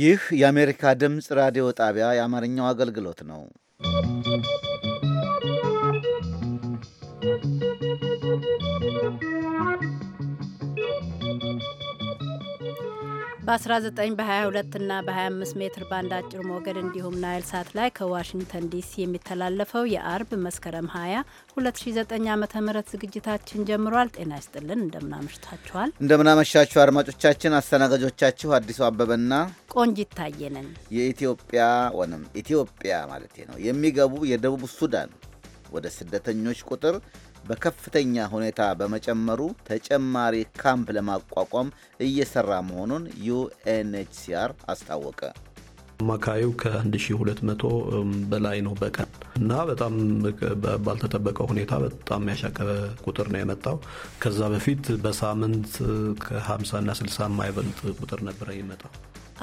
ይህ የአሜሪካ ድምፅ ራዲዮ ጣቢያ የአማርኛው አገልግሎት ነው። በ19 በ22 እና በ25 ሜትር ባንድ አጭር ሞገድ እንዲሁም ናይል ሳት ላይ ከዋሽንግተን ዲሲ የሚተላለፈው የአርብ መስከረም 20 2009 ዓ ም ዝግጅታችን ጀምሯል። ጤና ይስጥልን። እንደምናመሽታችኋል። እንደምናመሻችሁ አድማጮቻችን። አስተናጋጆቻችሁ አዲሱ አበበና ቆንጂት ታየ የኢትዮጵያ ወንም ኢትዮጵያ ማለት ነው የሚገቡ የደቡብ ሱዳን ወደ ስደተኞች ቁጥር በከፍተኛ ሁኔታ በመጨመሩ ተጨማሪ ካምፕ ለማቋቋም እየሰራ መሆኑን ዩኤንኤችሲአር አስታወቀ። አማካዩ ከ1200 በላይ ነው በቀን እና በጣም ባልተጠበቀ ሁኔታ በጣም ያሻቀበ ቁጥር ነው የመጣው። ከዛ በፊት በሳምንት ከ50 እና 60 የማይበልጥ ቁጥር ነበረ ይመጣው።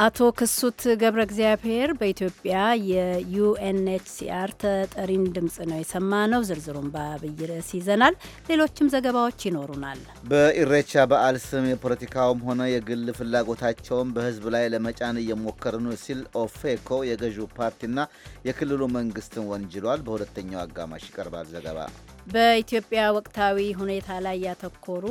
አቶ ክሱት ገብረ እግዚአብሔር በኢትዮጵያ የዩኤንኤችሲአር ተጠሪን ድምፅ ነው የሰማ ነው። ዝርዝሩን በአብይ ርዕስ ይዘናል። ሌሎችም ዘገባዎች ይኖሩናል። በኢሬቻ በዓል ስም የፖለቲካውም ሆነ የግል ፍላጎታቸውን በህዝብ ላይ ለመጫን እየሞከር ነው ሲል ኦፌኮ የገዢው ፓርቲና የክልሉ መንግስትን ወንጅሏል። በሁለተኛው አጋማሽ ይቀርባል ዘገባ በኢትዮጵያ ወቅታዊ ሁኔታ ላይ ያተኮሩ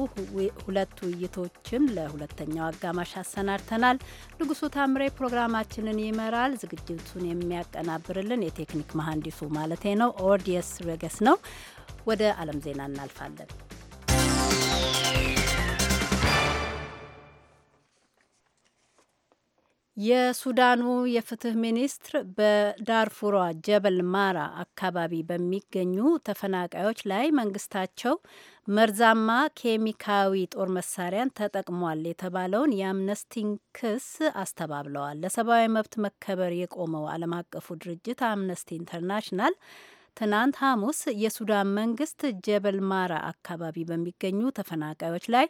ሁለት ውይይቶችን ለሁለተኛው አጋማሽ አሰናድተናል። ንጉሱ ታምሬ ፕሮግራማችንን ይመራል። ዝግጅቱን የሚያቀናብርልን የቴክኒክ መሀንዲሱ ማለቴ ነው ኦርዲየስ ሬገስ ነው። ወደ ዓለም ዜና እናልፋለን። የሱዳኑ የፍትህ ሚኒስትር በዳርፉሯ ጀበል ማራ አካባቢ በሚገኙ ተፈናቃዮች ላይ መንግስታቸው መርዛማ ኬሚካዊ ጦር መሳሪያን ተጠቅሟል የተባለውን የአምነስቲን ክስ አስተባብለዋል። ለሰብአዊ መብት መከበር የቆመው ዓለም አቀፉ ድርጅት አምነስቲ ኢንተርናሽናል ትናንት ሐሙስ የሱዳን መንግስት ጀበል ማራ አካባቢ በሚገኙ ተፈናቃዮች ላይ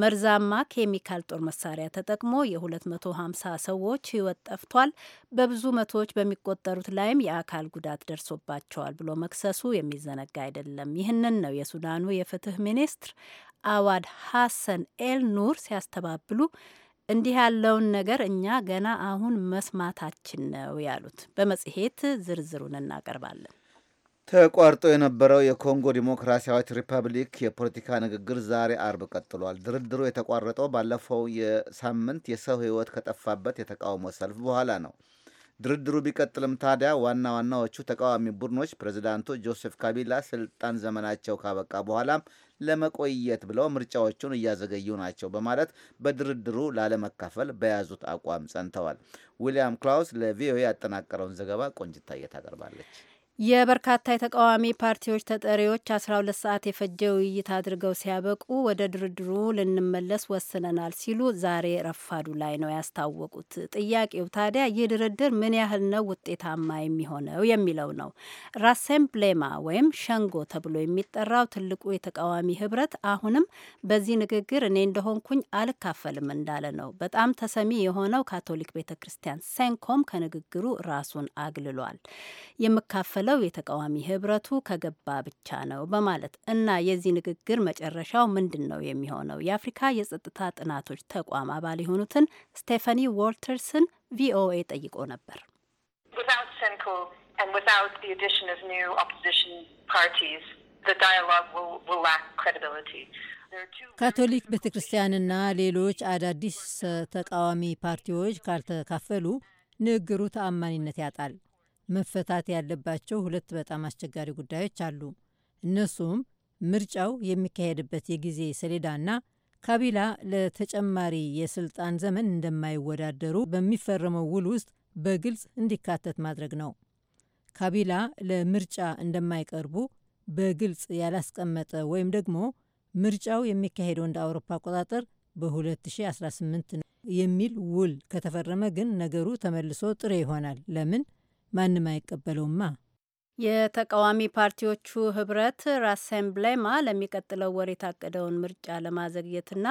መርዛማ ኬሚካል ጦር መሳሪያ ተጠቅሞ የ250 ሰዎች ህይወት ጠፍቷል፣ በብዙ መቶዎች በሚቆጠሩት ላይም የአካል ጉዳት ደርሶባቸዋል ብሎ መክሰሱ የሚዘነጋ አይደለም። ይህንን ነው የሱዳኑ የፍትህ ሚኒስትር አዋድ ሐሰን ኤል ኑር ሲያስተባብሉ እንዲህ ያለውን ነገር እኛ ገና አሁን መስማታችን ነው ያሉት። በመጽሔት ዝርዝሩን እናቀርባለን። ተቋርጦ የነበረው የኮንጎ ዲሞክራሲያዊት ሪፐብሊክ የፖለቲካ ንግግር ዛሬ አርብ ቀጥሏል። ድርድሩ የተቋረጠው ባለፈው የሳምንት የሰው ሕይወት ከጠፋበት የተቃውሞ ሰልፍ በኋላ ነው። ድርድሩ ቢቀጥልም ታዲያ ዋና ዋናዎቹ ተቃዋሚ ቡድኖች ፕሬዚዳንቱ ጆሴፍ ካቢላ ስልጣን ዘመናቸው ካበቃ በኋላም ለመቆየት ብለው ምርጫዎቹን እያዘገዩ ናቸው በማለት በድርድሩ ላለመካፈል በያዙት አቋም ጸንተዋል። ዊልያም ክላውስ ለቪኦኤ ያጠናቀረውን ዘገባ ቆንጅታየ ታቀርባለች። የበርካታ የተቃዋሚ ፓርቲዎች ተጠሪዎች 12 ሰዓት የፈጀ ውይይት አድርገው ሲያበቁ ወደ ድርድሩ ልንመለስ ወስነናል ሲሉ ዛሬ ረፋዱ ላይ ነው ያስታወቁት። ጥያቄው ታዲያ ይህ ድርድር ምን ያህል ነው ውጤታማ የሚሆነው የሚለው ነው። ራሴምብሌማ ወይም ሸንጎ ተብሎ የሚጠራው ትልቁ የተቃዋሚ ህብረት አሁንም በዚህ ንግግር እኔ እንደሆንኩኝ አልካፈልም እንዳለ ነው። በጣም ተሰሚ የሆነው ካቶሊክ ቤተ ክርስቲያን ሴንኮም ከንግግሩ ራሱን አግልሏል። የምካፈል የሚከለከለው የተቃዋሚ ህብረቱ ከገባ ብቻ ነው በማለት እና የዚህ ንግግር መጨረሻው ምንድን ነው የሚሆነው? የአፍሪካ የጸጥታ ጥናቶች ተቋም አባል የሆኑትን ስቴፋኒ ዎልተርስን ቪኦኤ ጠይቆ ነበር። ካቶሊክ ቤተ ክርስቲያንና ሌሎች አዳዲስ ተቃዋሚ ፓርቲዎች ካልተካፈሉ ንግግሩ ተአማኒነት ያጣል። መፈታት ያለባቸው ሁለት በጣም አስቸጋሪ ጉዳዮች አሉ። እነሱም ምርጫው የሚካሄድበት የጊዜ ሰሌዳና ካቢላ ለተጨማሪ የስልጣን ዘመን እንደማይወዳደሩ በሚፈረመው ውል ውስጥ በግልጽ እንዲካተት ማድረግ ነው። ካቢላ ለምርጫ እንደማይቀርቡ በግልጽ ያላስቀመጠ ወይም ደግሞ ምርጫው የሚካሄደው እንደ አውሮፓ አቆጣጠር በ2018 የሚል ውል ከተፈረመ ግን ነገሩ ተመልሶ ጥሬ ይሆናል። ለምን? ማንም አይቀበለውማ። የተቃዋሚ ፓርቲዎቹ ህብረት ራሴምብሌማ ለሚቀጥለው ወር የታቀደውን ምርጫ ለማዘግየትና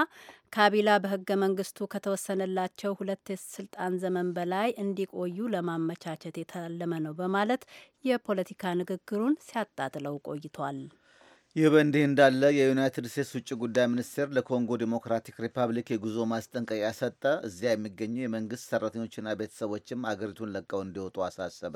ካቢላ በህገ መንግስቱ ከተወሰነላቸው ሁለት የስልጣን ዘመን በላይ እንዲቆዩ ለማመቻቸት የታለመ ነው በማለት የፖለቲካ ንግግሩን ሲያጣጥለው ቆይቷል። ይህ በእንዲህ እንዳለ የዩናይትድ ስቴትስ ውጭ ጉዳይ ሚኒስቴር ለኮንጎ ዴሞክራቲክ ሪፐብሊክ የጉዞ ማስጠንቀቂያ ሰጠ። እዚያ የሚገኙ የመንግስት ሰራተኞችና ቤተሰቦችም አገሪቱን ለቀው እንዲወጡ አሳሰበ።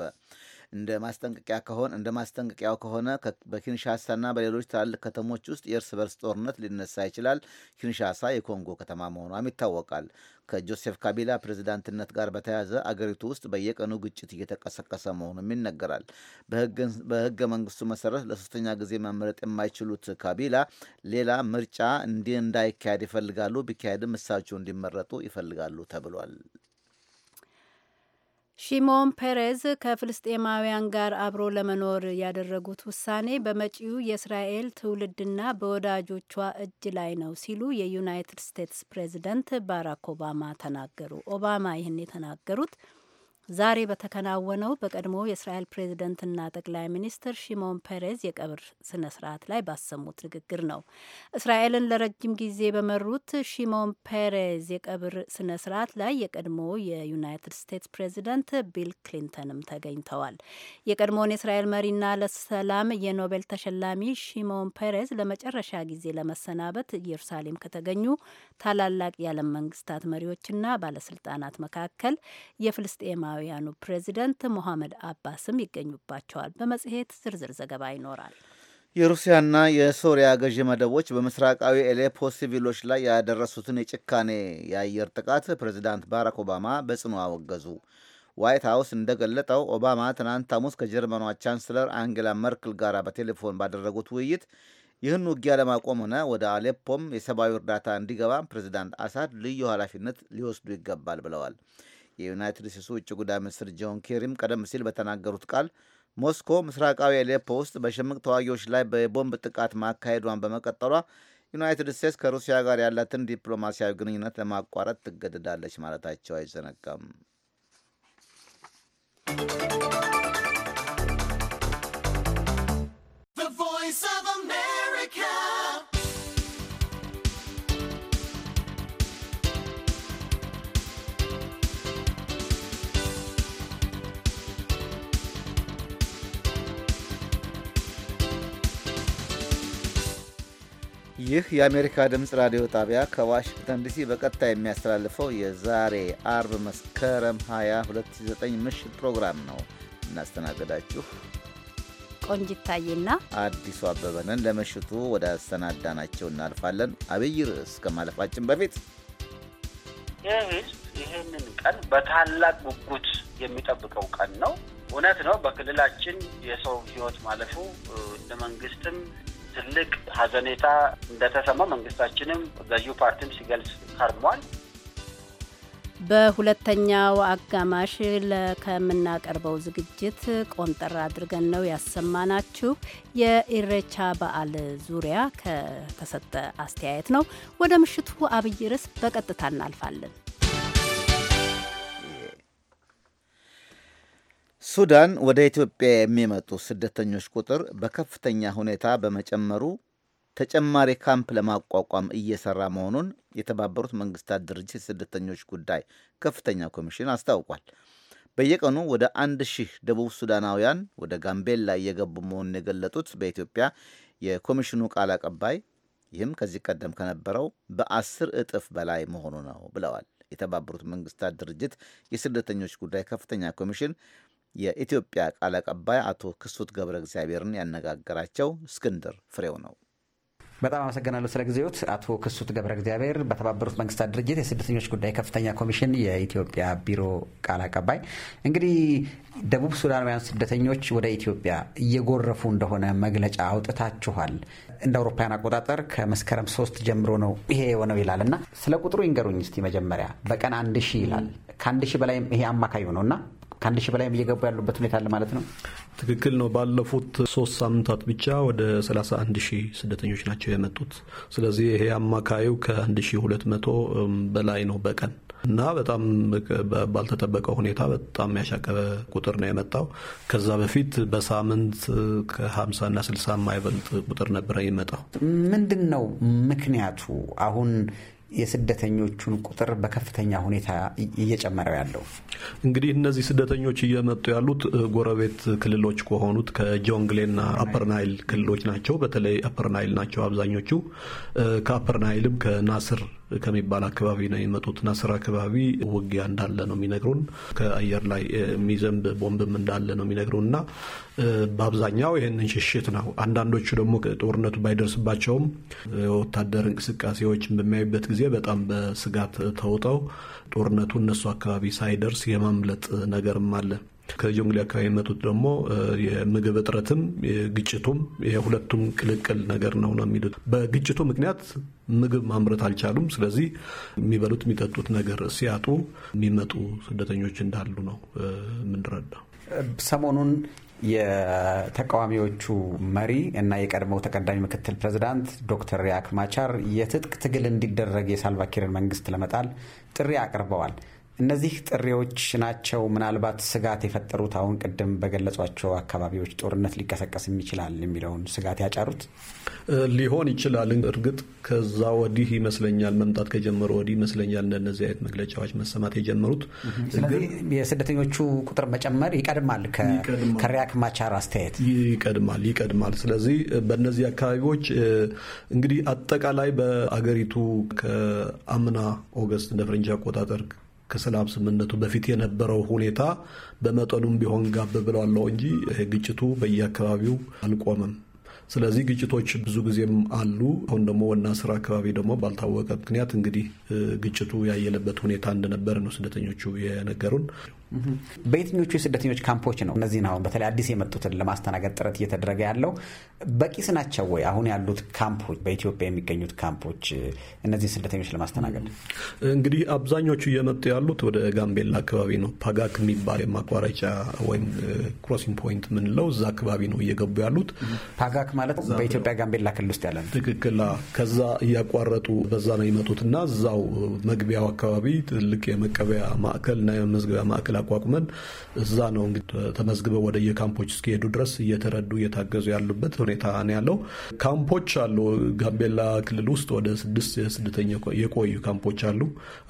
እንደ ማስጠንቀቂያ ከሆነ እንደ ማስጠንቀቂያው ከሆነ በኪንሻሳና በሌሎች ትላልቅ ከተሞች ውስጥ የእርስ በርስ ጦርነት ሊነሳ ይችላል። ኪንሻሳ የኮንጎ ከተማ መሆኗም ይታወቃል። ከጆሴፍ ካቢላ ፕሬዝዳንትነት ጋር በተያያዘ አገሪቱ ውስጥ በየቀኑ ግጭት እየተቀሰቀሰ መሆኑም ይነገራል። በህገ መንግስቱ መሰረት ለሶስተኛ ጊዜ መመረጥ የማይችሉት ካቢላ ሌላ ምርጫ እንዲህ እንዳይካሄድ ይፈልጋሉ። ቢካሄድም እሳቸው እንዲመረጡ ይፈልጋሉ ተብሏል። ሺሞን ፔሬዝ ከፍልስጤማውያን ጋር አብሮ ለመኖር ያደረጉት ውሳኔ በመጪው የእስራኤል ትውልድና በወዳጆቿ እጅ ላይ ነው ሲሉ የዩናይትድ ስቴትስ ፕሬዚደንት ባራክ ኦባማ ተናገሩ። ኦባማ ይህን የተናገሩት ዛሬ በተከናወነው በቀድሞ የእስራኤል ፕሬዝደንትና ጠቅላይ ሚኒስትር ሺሞን ፔሬዝ የቀብር ስነ ስርዓት ላይ ባሰሙት ንግግር ነው። እስራኤልን ለረጅም ጊዜ በመሩት ሺሞን ፔሬዝ የቀብር ስነ ስርዓት ላይ የቀድሞ የዩናይትድ ስቴትስ ፕሬዝደንት ቢል ክሊንተንም ተገኝተዋል። የቀድሞውን የእስራኤል መሪና ለሰላም የኖቤል ተሸላሚ ሺሞን ፔሬዝ ለመጨረሻ ጊዜ ለመሰናበት ኢየሩሳሌም ከተገኙ ታላላቅ የዓለም መንግስታት መሪዎችና ባለስልጣናት መካከል የፍልስጤማ የሶማሊያውያኑ ፕሬዚደንት ሞሐመድ አባስም ይገኙባቸዋል። በመጽሔት ዝርዝር ዘገባ ይኖራል። የሩሲያና የሶሪያ ገዢ መደቦች በምስራቃዊ ኤሌፖ ሲቪሎች ላይ ያደረሱትን የጭካኔ የአየር ጥቃት ፕሬዚዳንት ባራክ ኦባማ በጽኑ አወገዙ። ዋይት ሀውስ እንደገለጠው ኦባማ ትናንት ሐሙስ ከጀርመኗ ቻንስለር አንጌላ መርክል ጋር በቴሌፎን ባደረጉት ውይይት ይህን ውጊያ ለማቆም ሆነ ወደ አሌፖም የሰብአዊ እርዳታ እንዲገባ ፕሬዚዳንት አሳድ ልዩ ኃላፊነት ሊወስዱ ይገባል ብለዋል። የዩናይትድ ስቴትስ ውጭ ጉዳይ ሚኒስትር ጆን ኬሪም ቀደም ሲል በተናገሩት ቃል ሞስኮ ምስራቃዊ አሌፖ ውስጥ በሽምቅ ተዋጊዎች ላይ በቦምብ ጥቃት ማካሄዷን በመቀጠሏ ዩናይትድ ስቴትስ ከሩሲያ ጋር ያላትን ዲፕሎማሲያዊ ግንኙነት ለማቋረጥ ትገደዳለች ማለታቸው አይዘነጋም። ይህ የአሜሪካ ድምፅ ራዲዮ ጣቢያ ከዋሽንግተን ዲሲ በቀጥታ የሚያስተላልፈው የዛሬ አርብ መስከረም 20 2009 ምሽት ፕሮግራም ነው። እናስተናግዳችሁ ቆንጅታዬና አዲሱ አበበንን ለምሽቱ ወደ ናቸው እናልፋለን። አብይ ርዕስ ከማለፋችን በፊት ይህ ህዝብ ይህንን ቀን በታላቅ ጉጉት የሚጠብቀው ቀን ነው። እውነት ነው። በክልላችን የሰው ህይወት ማለፉ እንደ መንግስትም ትልቅ ሀዘኔታ እንደተሰማ መንግስታችንም ገዢው ፓርቲም ሲገልጽ ከርሟል። በሁለተኛው አጋማሽ ከምናቀርበው ዝግጅት ቆንጠር አድርገን ነው ያሰማናችሁ። የኢሬቻ በዓል ዙሪያ ከተሰጠ አስተያየት ነው። ወደ ምሽቱ አብይ ርዕስ በቀጥታ እናልፋለን። ሱዳን ወደ ኢትዮጵያ የሚመጡ ስደተኞች ቁጥር በከፍተኛ ሁኔታ በመጨመሩ ተጨማሪ ካምፕ ለማቋቋም እየሰራ መሆኑን የተባበሩት መንግስታት ድርጅት የስደተኞች ጉዳይ ከፍተኛ ኮሚሽን አስታውቋል። በየቀኑ ወደ አንድ ሺህ ደቡብ ሱዳናውያን ወደ ጋምቤላ እየገቡ መሆኑን የገለጡት በኢትዮጵያ የኮሚሽኑ ቃል አቀባይ ይህም ከዚህ ቀደም ከነበረው በአስር እጥፍ በላይ መሆኑ ነው ብለዋል። የተባበሩት መንግስታት ድርጅት የስደተኞች ጉዳይ ከፍተኛ ኮሚሽን የኢትዮጵያ ቃል አቀባይ አቶ ክሱት ገብረ እግዚአብሔርን ያነጋገራቸው እስክንድር ፍሬው ነው። በጣም አመሰግናለሁ ስለ ጊዜዎት አቶ ክሱት ገብረ እግዚአብሔር፣ በተባበሩት መንግስታት ድርጅት የስደተኞች ጉዳይ ከፍተኛ ኮሚሽን የኢትዮጵያ ቢሮ ቃል አቀባይ። እንግዲህ ደቡብ ሱዳናውያን ስደተኞች ወደ ኢትዮጵያ እየጎረፉ እንደሆነ መግለጫ አውጥታችኋል። እንደ አውሮፓውያን አቆጣጠር ከመስከረም ሶስት ጀምሮ ነው ይሄ የሆነው ይላል እና ስለ ቁጥሩ ይንገሩኝ እስቲ። መጀመሪያ በቀን አንድ ሺህ ይላል ከአንድ ሺህ በላይ ይሄ አማካዩ ነው እና ከአንድ ሺህ በላይም እየገቡ ያሉበት ሁኔታ አለ ማለት ነው። ትክክል ነው። ባለፉት ሶስት ሳምንታት ብቻ ወደ 31 ሺህ ስደተኞች ናቸው የመጡት። ስለዚህ ይሄ አማካዩ ከ1200 በላይ ነው በቀን እና በጣም ባልተጠበቀ ሁኔታ በጣም ያሻቀበ ቁጥር ነው የመጣው። ከዛ በፊት በሳምንት ከ50 ና 60 የማይበልጥ ቁጥር ነበረ ይመጣው። ምንድን ነው ምክንያቱ አሁን የስደተኞቹን ቁጥር በከፍተኛ ሁኔታ እየጨመረው ያለው እንግዲህ እነዚህ ስደተኞች እየመጡ ያሉት ጎረቤት ክልሎች ከሆኑት ከጆንግሌና አፐርናይል ክልሎች ናቸው። በተለይ አፐርናይል ናቸው አብዛኞቹ። ከአፐርናይልም ከናስር ከሚባል አካባቢ ነው የመጡት። ናስር አካባቢ ውጊያ እንዳለ ነው የሚነግሩን። ከአየር ላይ የሚዘንብ ቦምብም እንዳለ ነው የሚነግሩን እና በአብዛኛው ይህንን ሽሽት ነው። አንዳንዶቹ ደግሞ ጦርነቱ ባይደርስባቸውም ወታደር እንቅስቃሴዎችን በሚያዩበት ጊዜ በጣም በስጋት ተውጠው ጦርነቱ እነሱ አካባቢ ሳይደርስ የማምለጥ ነገርም አለ። ከጆንግሊ አካባቢ የመጡት ደግሞ የምግብ እጥረትም ግጭቱም የሁለቱም ቅልቅል ነገር ነው ነው የሚሉት። በግጭቱ ምክንያት ምግብ ማምረት አልቻሉም። ስለዚህ የሚበሉት የሚጠጡት ነገር ሲያጡ የሚመጡ ስደተኞች እንዳሉ ነው የምንረዳው። ሰሞኑን የተቃዋሚዎቹ መሪ እና የቀድሞው ተቀዳሚ ምክትል ፕሬዚዳንት ዶክተር ሪያክ ማቻር የትጥቅ ትግል እንዲደረግ የሳልቫኪርን መንግስት ለመጣል ጥሪ አቅርበዋል። እነዚህ ጥሪዎች ናቸው ምናልባት ስጋት የፈጠሩት አሁን ቅድም በገለጿቸው አካባቢዎች ጦርነት ሊቀሰቀስም ይችላል የሚለውን ስጋት ያጫሩት ሊሆን ይችላል። እርግጥ ከዛ ወዲህ ይመስለኛል መምጣት ከጀመሩ ወዲህ ይመስለኛል እንደነዚህ አይነት መግለጫዎች መሰማት የጀመሩት። ስለዚህ የስደተኞቹ ቁጥር መጨመር ይቀድማል፣ ከሪያክ ማቻር አስተያየት ይቀድማል ይቀድማል። ስለዚህ በእነዚህ አካባቢዎች እንግዲህ አጠቃላይ በአገሪቱ ከአምና ኦገስት እንደ ፈረንጅ አቆጣጠር ከሰላም ስምምነቱ በፊት የነበረው ሁኔታ በመጠኑም ቢሆን ጋብ ብለዋለው እንጂ ግጭቱ በየአካባቢው አልቆመም። ስለዚህ ግጭቶች ብዙ ጊዜም አሉ። አሁን ደግሞ ወና ስራ አካባቢ ደግሞ ባልታወቀ ምክንያት እንግዲህ ግጭቱ ያየለበት ሁኔታ እንደነበረ ነው ስደተኞቹ የነገሩን። በየትኞቹ የስደተኞች ካምፖች ነው እነዚህን አሁን በተለይ አዲስ የመጡትን ለማስተናገድ ጥረት እየተደረገ ያለው? በቂስ ናቸው ወይ አሁን ያሉት ካምፖች፣ በኢትዮጵያ የሚገኙት ካምፖች እነዚህን ስደተኞች ለማስተናገድ? እንግዲህ አብዛኞቹ እየመጡ ያሉት ወደ ጋምቤላ አካባቢ ነው። ፓጋክ የሚባል ማቋረጫ ወይም ክሮሲንግ ፖይንት ምንለው እዛ አካባቢ ነው እየገቡ ያሉት። ፓጋክ ማለት በኢትዮጵያ ጋምቤላ ክልል ውስጥ ያለ ነው። ትክክል። ከዛ እያቋረጡ በዛ ነው የመጡት እና እዛው መግቢያው አካባቢ ትልቅ የመቀበያ ማዕከል እና የመመዝገቢያ ማዕከል ኃይል አቋቁመን እዛ ነው እንግዲህ ተመዝግበው ወደ የካምፖች እስኪሄዱ ድረስ እየተረዱ እየታገዙ ያሉበት ሁኔታ ነው ያለው። ካምፖች አሉ። ጋምቤላ ክልል ውስጥ ወደ ስድስት ስደተኛ የቆዩ ካምፖች አሉ።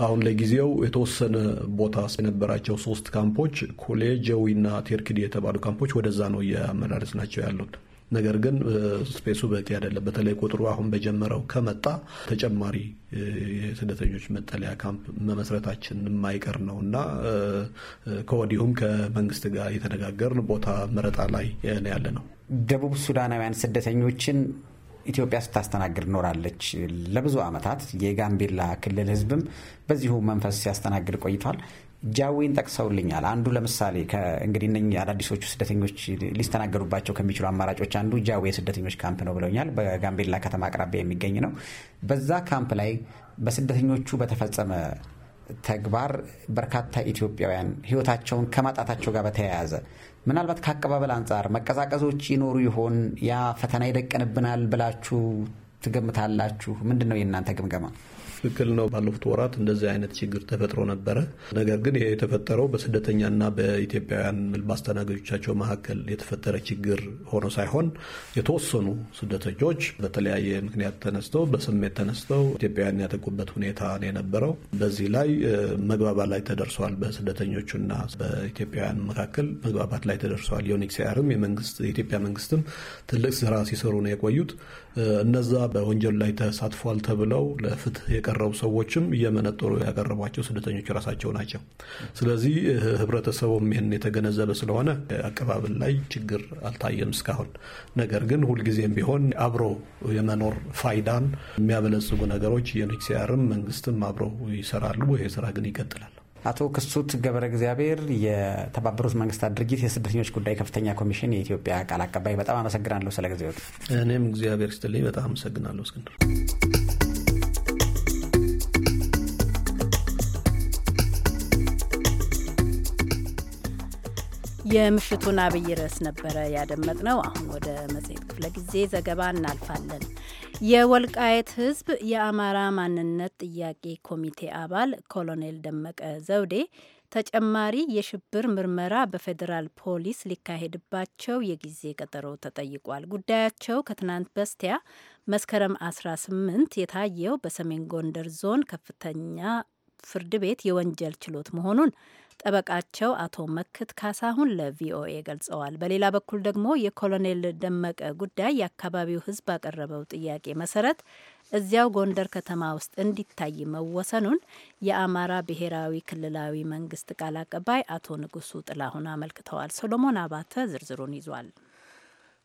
አሁን ለጊዜው የተወሰነ ቦታ የነበራቸው ሶስት ካምፖች ኮሌ፣ ጀዊና ቴርኪዲ የተባሉ ካምፖች ወደዛ ነው እያመላለስ ናቸው ያሉት። ነገር ግን ስፔሱ በቂ አይደለም። በተለይ ቁጥሩ አሁን በጀመረው ከመጣ ተጨማሪ የስደተኞች መጠለያ ካምፕ መመስረታችን የማይቀር ነው እና ከወዲሁም ከመንግስት ጋር የተነጋገርን ቦታ መረጣ ላይ ያለ ነው። ደቡብ ሱዳናውያን ስደተኞችን ኢትዮጵያ ስታስተናግድ ኖራለች ለብዙ ዓመታት። የጋምቤላ ክልል ህዝብም በዚሁ መንፈስ ሲያስተናግድ ቆይቷል። ጃዌን ጠቅሰውልኛል። አንዱ ለምሳሌ እንግዲህ እነ አዳዲሶቹ ስደተኞች ሊስተናገዱባቸው ከሚችሉ አማራጮች አንዱ ጃዌ የስደተኞች ካምፕ ነው ብለውኛል። በጋምቤላ ከተማ አቅራቢያ የሚገኝ ነው። በዛ ካምፕ ላይ በስደተኞቹ በተፈጸመ ተግባር በርካታ ኢትዮጵያውያን ሕይወታቸውን ከማጣታቸው ጋር በተያያዘ ምናልባት ከአቀባበል አንጻር መቀዛቀዞች ይኖሩ ይሆን? ያ ፈተና ይደቀንብናል ብላችሁ ትገምታላችሁ? ምንድን ነው የእናንተ ግምገማ? ትክክል ነው። ባለፉት ወራት እንደዚህ አይነት ችግር ተፈጥሮ ነበረ። ነገር ግን ይሄ የተፈጠረው በስደተኛና በኢትዮጵያውያን በአስተናጋጆቻቸው መካከል የተፈጠረ ችግር ሆኖ ሳይሆን የተወሰኑ ስደተኞች በተለያየ ምክንያት ተነስተው በስሜት ተነስተው ኢትዮጵያውያን ያጠቁበት ሁኔታ ነው የነበረው። በዚህ ላይ መግባባት ላይ ተደርሷል። በስደተኞቹና በኢትዮጵያውያን መካከል መግባባት ላይ ተደርሰዋል። ዩኤንኤችሲአርም የኢትዮጵያ መንግስትም ትልቅ ስራ ሲሰሩ ነው የቆዩት። እነዛ በወንጀሉ ላይ ተሳትፏል ተብለው ለፍትህ የቀረቡ ሰዎችም እየመነጠሩ ያቀረቧቸው ስደተኞች ራሳቸው ናቸው። ስለዚህ ህብረተሰቡም ይህን የተገነዘበ ስለሆነ አቀባበል ላይ ችግር አልታየም እስካሁን። ነገር ግን ሁልጊዜም ቢሆን አብሮ የመኖር ፋይዳን የሚያበለጽጉ ነገሮች የዩኤንኤችሲአርም መንግስትም አብረው ይሰራሉ። ይሄ ስራ ግን ይቀጥላል። አቶ ክሱት ገብረ እግዚአብሔር የተባበሩት መንግስታት ድርጅት የስደተኞች ጉዳይ ከፍተኛ ኮሚሽን የኢትዮጵያ ቃል አቀባይ፣ በጣም አመሰግናለሁ ስለ ጊዜዎት። እኔም እግዚአብሔር ስትልኝ በጣም አመሰግናለሁ እስክንድር። የምሽቱን አብይ ርዕስ ነበረ ያደመጥነው። አሁን ወደ መጽሔት ክፍለ ጊዜ ዘገባ እናልፋለን። የወልቃየት ሕዝብ የአማራ ማንነት ጥያቄ ኮሚቴ አባል ኮሎኔል ደመቀ ዘውዴ ተጨማሪ የሽብር ምርመራ በፌዴራል ፖሊስ ሊካሄድባቸው የጊዜ ቀጠሮ ተጠይቋል። ጉዳያቸው ከትናንት በስቲያ መስከረም 18 የታየው በሰሜን ጎንደር ዞን ከፍተኛ ፍርድ ቤት የወንጀል ችሎት መሆኑን ጠበቃቸው አቶ መክት ካሳሁን ለቪኦኤ ገልጸዋል። በሌላ በኩል ደግሞ የኮሎኔል ደመቀ ጉዳይ የአካባቢው ሕዝብ ባቀረበው ጥያቄ መሰረት እዚያው ጎንደር ከተማ ውስጥ እንዲታይ መወሰኑን የአማራ ብሔራዊ ክልላዊ መንግስት ቃል አቀባይ አቶ ንጉሱ ጥላሁን አመልክተዋል። ሶሎሞን አባተ ዝርዝሩን ይዟል።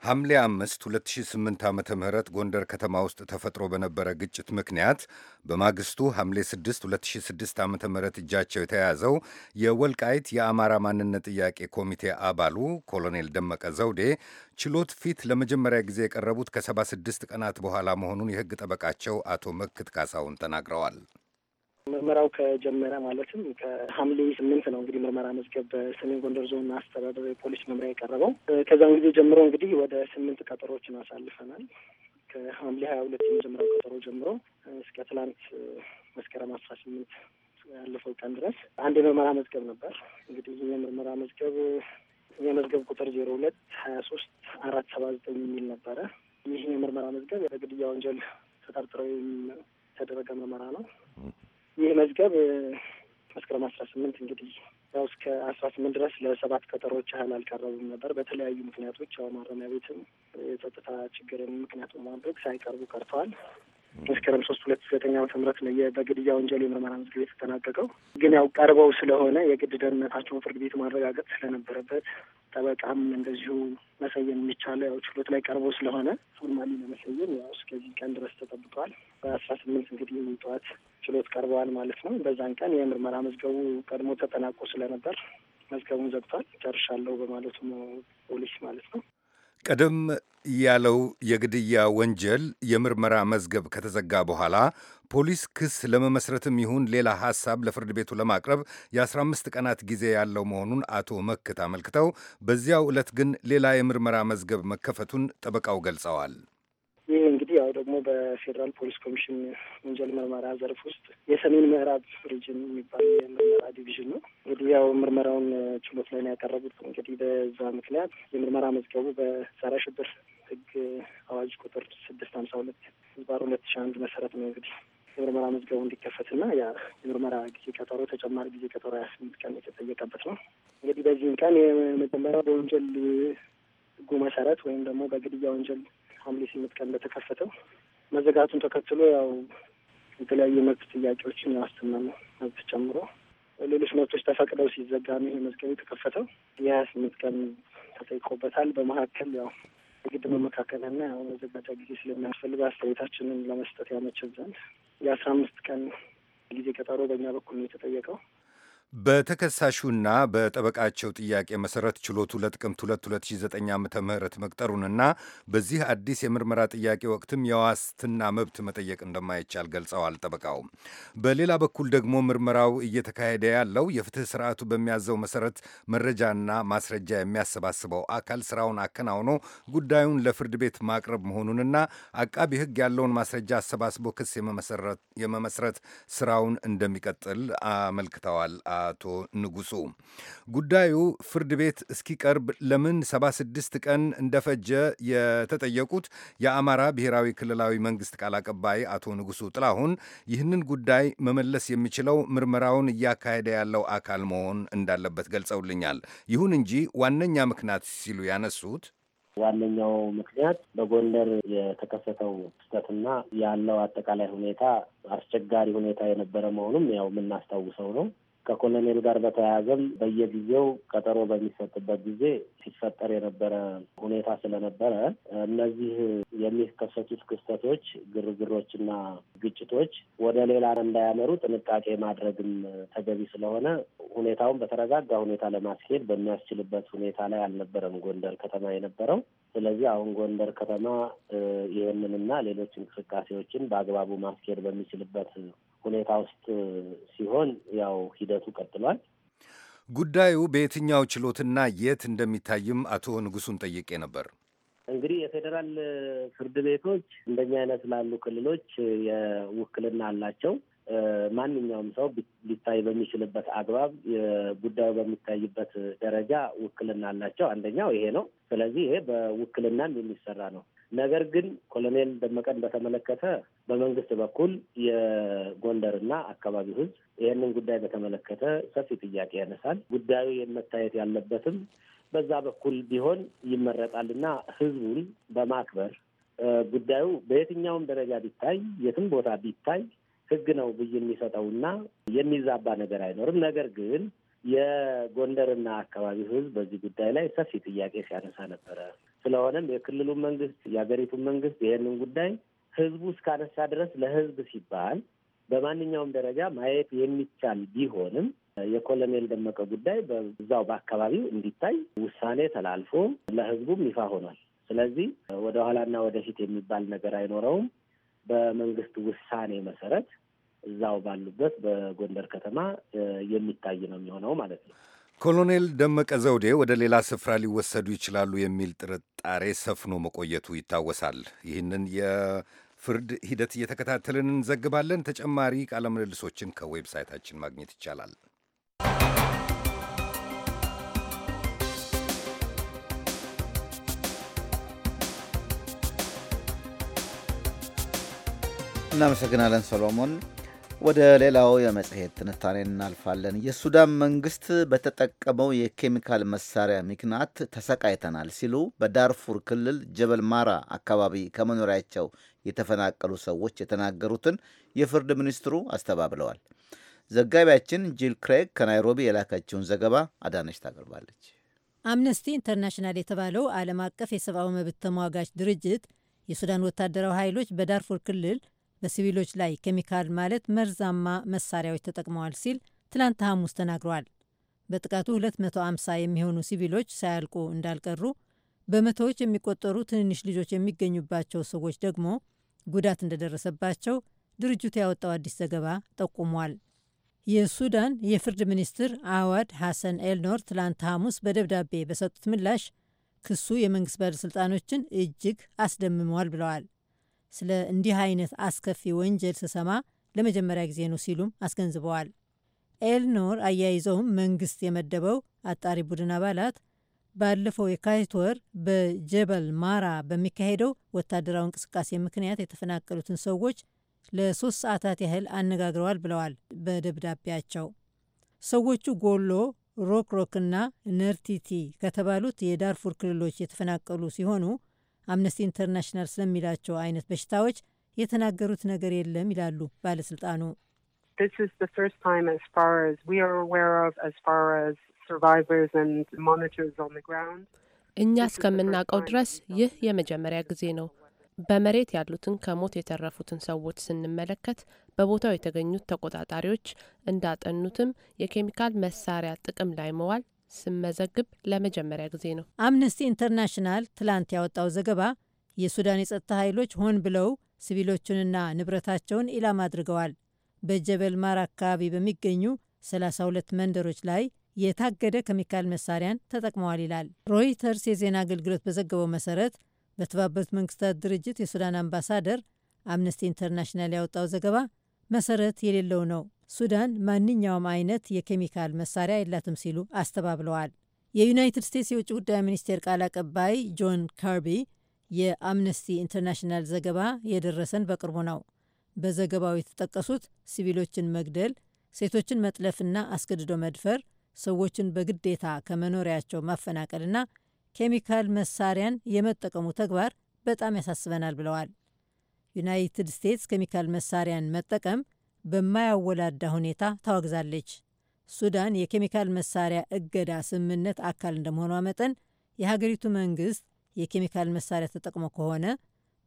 ሐምሌ 5 2008 ዓ ም ጎንደር ከተማ ውስጥ ተፈጥሮ በነበረ ግጭት ምክንያት በማግስቱ ሐምሌ 6 2006 ዓ ም እጃቸው የተያዘው የወልቃይት የአማራ ማንነት ጥያቄ ኮሚቴ አባሉ ኮሎኔል ደመቀ ዘውዴ ችሎት ፊት ለመጀመሪያ ጊዜ የቀረቡት ከ76 ቀናት በኋላ መሆኑን የሕግ ጠበቃቸው አቶ መክት ካሳሁን ተናግረዋል። ምርመራው ከጀመረ ማለትም ከሐምሌ ስምንት ነው እንግዲህ ምርመራ መዝገብ በሰሜን ጎንደር ዞን አስተዳደር የፖሊስ መምሪያ የቀረበው። ከዛን ጊዜ ጀምሮ እንግዲህ ወደ ስምንት ቀጠሮችን አሳልፈናል። ከሐምሌ ሀያ ሁለት የመጀመሪያው ቀጠሮ ጀምሮ እስከ ትላንት መስከረም አስራ ስምንት ያለፈው ቀን ድረስ አንድ የምርመራ መዝገብ ነበር። እንግዲህ ይህ የምርመራ መዝገብ የመዝገብ ቁጥር ዜሮ ሁለት ሀያ ሶስት አራት ሰባ ዘጠኝ የሚል ነበረ። ይህ የምርመራ መዝገብ በግድያ ወንጀል ተጠርጥረው ተደረገ ምርመራ ነው። ይህ መዝገብ መስከረም አስራ ስምንት እንግዲህ ያው እስከ አስራ ስምንት ድረስ ለሰባት ቀጠሮች ያህል አልቀረቡም ነበር። በተለያዩ ምክንያቶች ያው ማረሚያ ቤትም የጸጥታ ችግርን ምክንያት በማድረግ ሳይቀርቡ ቀርተዋል። መስከረም ሶስት ሁለት ዘጠኝ ዓመተ ምህረት ነው በግድያ ወንጀል የምርመራ መዝገብ የተጠናቀቀው። ግን ያው ቀርበው ስለሆነ የግድ ደህንነታቸውን ፍርድ ቤት ማረጋገጥ ስለነበረበት ጠበቃም እንደዚሁ መሰየም የሚቻለው ያው ችሎት ላይ ቀርቦ ስለሆነ ፎርማሊ ለመሰየም ያው እስከዚህ ቀን ድረስ ተጠብቋል። በአስራ ስምንት እንግዲህ ጠዋት ችሎት ቀርበዋል ማለት ነው። በዛን ቀን የምርመራ መዝገቡ ቀድሞ ተጠናቆ ስለነበር መዝገቡን ዘግቷል። ጨርሻለሁ በማለቱ ነው ፖሊስ ማለት ነው። ቀደም ያለው የግድያ ወንጀል የምርመራ መዝገብ ከተዘጋ በኋላ ፖሊስ ክስ ለመመስረትም ይሁን ሌላ ሐሳብ ለፍርድ ቤቱ ለማቅረብ የ15 ቀናት ጊዜ ያለው መሆኑን አቶ መክት አመልክተው፣ በዚያው ዕለት ግን ሌላ የምርመራ መዝገብ መከፈቱን ጠበቃው ገልጸዋል። እንግዲህ ያው ደግሞ በፌዴራል ፖሊስ ኮሚሽን ወንጀል ምርመራ ዘርፍ ውስጥ የሰሜን ምዕራብ ሪጅን የሚባል የምርመራ ዲቪዥን ነው። እንግዲህ ያው ምርመራውን ችሎት ላይ ነው ያቀረቡት። እንግዲህ በዛ ምክንያት የምርመራ መዝገቡ በጸረ ሽብር ህግ አዋጅ ቁጥር ስድስት ሀምሳ ሁለት ህዝባር ሁለት ሺ አንድ መሰረት ነው እንግዲህ የምርመራ መዝገቡ እንዲከፈትና ያ የምርመራ ጊዜ ቀጠሮ ተጨማሪ ጊዜ ቀጠሮ ሀያ ስምንት ቀን የተጠየቀበት ነው። እንግዲህ በዚህም ቀን የመጀመሪያው በወንጀል ህጉ መሰረት ወይም ደግሞ በግድያ ወንጀል ሐምሌ ስምንት ቀን በተከፈተው መዘጋቱን ተከትሎ ያው የተለያዩ መብት ጥያቄዎችን የዋስትና መብት ጨምሮ ሌሎች መብቶች ተፈቅደው ሲዘጋ ነው ይሄ መዝገብ የተከፈተው። የሀያ ስምንት ቀን ተጠይቆበታል። በመካከል ያው የግድ መመካከልና ያው መዘጋጃ ጊዜ ስለሚያስፈልግ አስተያየታችንን ለመስጠት ያመቸን ዘንድ የአስራ አምስት ቀን ጊዜ ቀጠሮ በእኛ በኩል ነው የተጠየቀው። በተከሳሹና በጠበቃቸው ጥያቄ መሰረት ችሎቱ ለጥቅምት 2 2009 ዓ ም መቅጠሩንና በዚህ አዲስ የምርመራ ጥያቄ ወቅትም የዋስትና መብት መጠየቅ እንደማይቻል ገልጸዋል ጠበቃው። በሌላ በኩል ደግሞ ምርመራው እየተካሄደ ያለው የፍትህ ስርዓቱ በሚያዘው መሰረት መረጃና ማስረጃ የሚያሰባስበው አካል ስራውን አከናውኖ ጉዳዩን ለፍርድ ቤት ማቅረብ መሆኑንና አቃቢ ህግ ያለውን ማስረጃ አሰባስቦ ክስ የመመስረት ስራውን እንደሚቀጥል አመልክተዋል። አቶ ንጉሱ ጉዳዩ ፍርድ ቤት እስኪቀርብ ለምን 76 ቀን እንደፈጀ የተጠየቁት የአማራ ብሔራዊ ክልላዊ መንግስት ቃል አቀባይ አቶ ንጉሱ ጥላሁን ይህንን ጉዳይ መመለስ የሚችለው ምርመራውን እያካሄደ ያለው አካል መሆን እንዳለበት ገልጸውልኛል። ይሁን እንጂ ዋነኛ ምክንያት ሲሉ ያነሱት ዋነኛው ምክንያት በጎንደር የተከሰተው ክስተትና ያለው አጠቃላይ ሁኔታ አስቸጋሪ ሁኔታ የነበረ መሆኑም ያው የምናስታውሰው ነው። ከኮሎኔል ጋር በተያያዘም በየጊዜው ቀጠሮ በሚሰጥበት ጊዜ ሲፈጠር የነበረ ሁኔታ ስለነበረ እነዚህ የሚከሰቱት ክስተቶች፣ ግርግሮችና ግጭቶች ወደ ሌላ እንዳያመሩ ጥንቃቄ ማድረግም ተገቢ ስለሆነ ሁኔታውን በተረጋጋ ሁኔታ ለማስኬድ በሚያስችልበት ሁኔታ ላይ አልነበረም ጎንደር ከተማ የነበረው። ስለዚህ አሁን ጎንደር ከተማ ይህንንና ሌሎች እንቅስቃሴዎችን በአግባቡ ማስኬድ በሚችልበት ሁኔታ ውስጥ ሲሆን ያው ሂደቱ ቀጥሏል። ጉዳዩ በየትኛው ችሎትና የት እንደሚታይም አቶ ንጉሱን ጠይቄ ነበር። እንግዲህ የፌዴራል ፍርድ ቤቶች እንደኛ አይነት ላሉ ክልሎች የውክልና አላቸው። ማንኛውም ሰው ሊታይ በሚችልበት አግባብ ጉዳዩ በሚታይበት ደረጃ ውክልና አላቸው። አንደኛው ይሄ ነው። ስለዚህ ይሄ በውክልናም የሚሰራ ነው። ነገር ግን ኮሎኔል ደመቀን በተመለከተ በመንግስት በኩል የጎንደርና አካባቢው ህዝብ ይህንን ጉዳይ በተመለከተ ሰፊ ጥያቄ ያነሳል። ጉዳዩ የመታየት ያለበትም በዛ በኩል ቢሆን ይመረጣል እና ህዝቡን በማክበር ጉዳዩ በየትኛውም ደረጃ ቢታይ የትም ቦታ ቢታይ ህግ ነው ብይ የሚሰጠውና የሚዛባ ነገር አይኖርም። ነገር ግን የጎንደርና አካባቢው ህዝብ በዚህ ጉዳይ ላይ ሰፊ ጥያቄ ሲያነሳ ነበረ። ስለሆነም የክልሉ መንግስት፣ የሀገሪቱ መንግስት ይህንን ጉዳይ ህዝቡ እስካነሳ ድረስ ለህዝብ ሲባል በማንኛውም ደረጃ ማየት የሚቻል ቢሆንም የኮሎኔል ደመቀ ጉዳይ በዛው በአካባቢው እንዲታይ ውሳኔ ተላልፎ ለህዝቡም ይፋ ሆኗል። ስለዚህ ወደኋላና ወደፊት የሚባል ነገር አይኖረውም። በመንግስት ውሳኔ መሰረት እዛው ባሉበት በጎንደር ከተማ የሚታይ ነው የሚሆነው ማለት ነው። ኮሎኔል ደመቀ ዘውዴ ወደ ሌላ ስፍራ ሊወሰዱ ይችላሉ የሚል ጥርጣሬ ሰፍኖ መቆየቱ ይታወሳል። ይህንን የፍርድ ሂደት እየተከታተልን እንዘግባለን። ተጨማሪ ቃለምልልሶችን ከዌብሳይታችን ማግኘት ይቻላል። እናመሰግናለን ሰሎሞን። ወደ ሌላው የመጽሔት ትንታኔ እናልፋለን። የሱዳን መንግስት በተጠቀመው የኬሚካል መሳሪያ ምክንያት ተሰቃይተናል ሲሉ በዳርፉር ክልል ጀበል ማራ አካባቢ ከመኖሪያቸው የተፈናቀሉ ሰዎች የተናገሩትን የፍርድ ሚኒስትሩ አስተባብለዋል። ዘጋቢያችን ጂል ክሬግ ከናይሮቢ የላከችውን ዘገባ አዳነች ታቀርባለች። አምነስቲ ኢንተርናሽናል የተባለው ዓለም አቀፍ የሰብአዊ መብት ተሟጋች ድርጅት የሱዳን ወታደራዊ ኃይሎች በዳርፉር ክልል በሲቪሎች ላይ ኬሚካል ማለት መርዛማ መሳሪያዎች ተጠቅመዋል ሲል ትላንት ሐሙስ ተናግረዋል። በጥቃቱ 250 የሚሆኑ ሲቪሎች ሳያልቁ እንዳልቀሩ፣ በመቶዎች የሚቆጠሩ ትንንሽ ልጆች የሚገኙባቸው ሰዎች ደግሞ ጉዳት እንደደረሰባቸው ድርጅቱ ያወጣው አዲስ ዘገባ ጠቁሟል። የሱዳን የፍርድ ሚኒስትር አዋድ ሐሰን ኤልኖር ትላንት ሐሙስ በደብዳቤ በሰጡት ምላሽ ክሱ የመንግሥት ባለሥልጣኖችን እጅግ አስደምመዋል ብለዋል። ስለ እንዲህ አይነት አስከፊ ወንጀል ስሰማ ለመጀመሪያ ጊዜ ነው ሲሉም አስገንዝበዋል። ኤልኖር አያይዘውም መንግስት የመደበው አጣሪ ቡድን አባላት ባለፈው የካቲት ወር በጀበል ማራ በሚካሄደው ወታደራዊ እንቅስቃሴ ምክንያት የተፈናቀሉትን ሰዎች ለሶስት ሰዓታት ያህል አነጋግረዋል ብለዋል በደብዳቤያቸው። ሰዎቹ ጎሎ፣ ሮክሮክና ነርቲቲ ከተባሉት የዳርፉር ክልሎች የተፈናቀሉ ሲሆኑ አምነስቲ ኢንተርናሽናል ስለሚላቸው አይነት በሽታዎች የተናገሩት ነገር የለም ይላሉ ባለስልጣኑ። እኛ እስከምናውቀው ድረስ ይህ የመጀመሪያ ጊዜ ነው። በመሬት ያሉትን ከሞት የተረፉትን ሰዎች ስንመለከት በቦታው የተገኙት ተቆጣጣሪዎች እንዳጠኑትም የኬሚካል መሳሪያ ጥቅም ላይ መዋል ስመዘግብ ለመጀመሪያ ጊዜ ነው። አምነስቲ ኢንተርናሽናል ትላንት ያወጣው ዘገባ የሱዳን የጸጥታ ኃይሎች ሆን ብለው ሲቪሎቹንና ንብረታቸውን ኢላማ አድርገዋል፣ በጀበል ማር አካባቢ በሚገኙ 32 መንደሮች ላይ የታገደ ኬሚካል መሳሪያን ተጠቅመዋል ይላል። ሮይተርስ የዜና አገልግሎት በዘገበው መሰረት በተባበሩት መንግስታት ድርጅት የሱዳን አምባሳደር አምነስቲ ኢንተርናሽናል ያወጣው ዘገባ መሰረት የሌለው ነው ሱዳን ማንኛውም አይነት የኬሚካል መሳሪያ የላትም ሲሉ አስተባብለዋል። የዩናይትድ ስቴትስ የውጭ ጉዳይ ሚኒስቴር ቃል አቀባይ ጆን ካርቢ የአምነስቲ ኢንተርናሽናል ዘገባ የደረሰን በቅርቡ ነው። በዘገባው የተጠቀሱት ሲቪሎችን መግደል፣ ሴቶችን መጥለፍና አስገድዶ መድፈር፣ ሰዎችን በግዴታ ከመኖሪያቸው ማፈናቀልና ኬሚካል መሳሪያን የመጠቀሙ ተግባር በጣም ያሳስበናል ብለዋል። ዩናይትድ ስቴትስ ኬሚካል መሳሪያን መጠቀም በማያወላዳ ሁኔታ ታወግዛለች። ሱዳን የኬሚካል መሳሪያ እገዳ ስምምነት አካል እንደመሆኗ መጠን የሀገሪቱ መንግስት የኬሚካል መሳሪያ ተጠቅሞ ከሆነ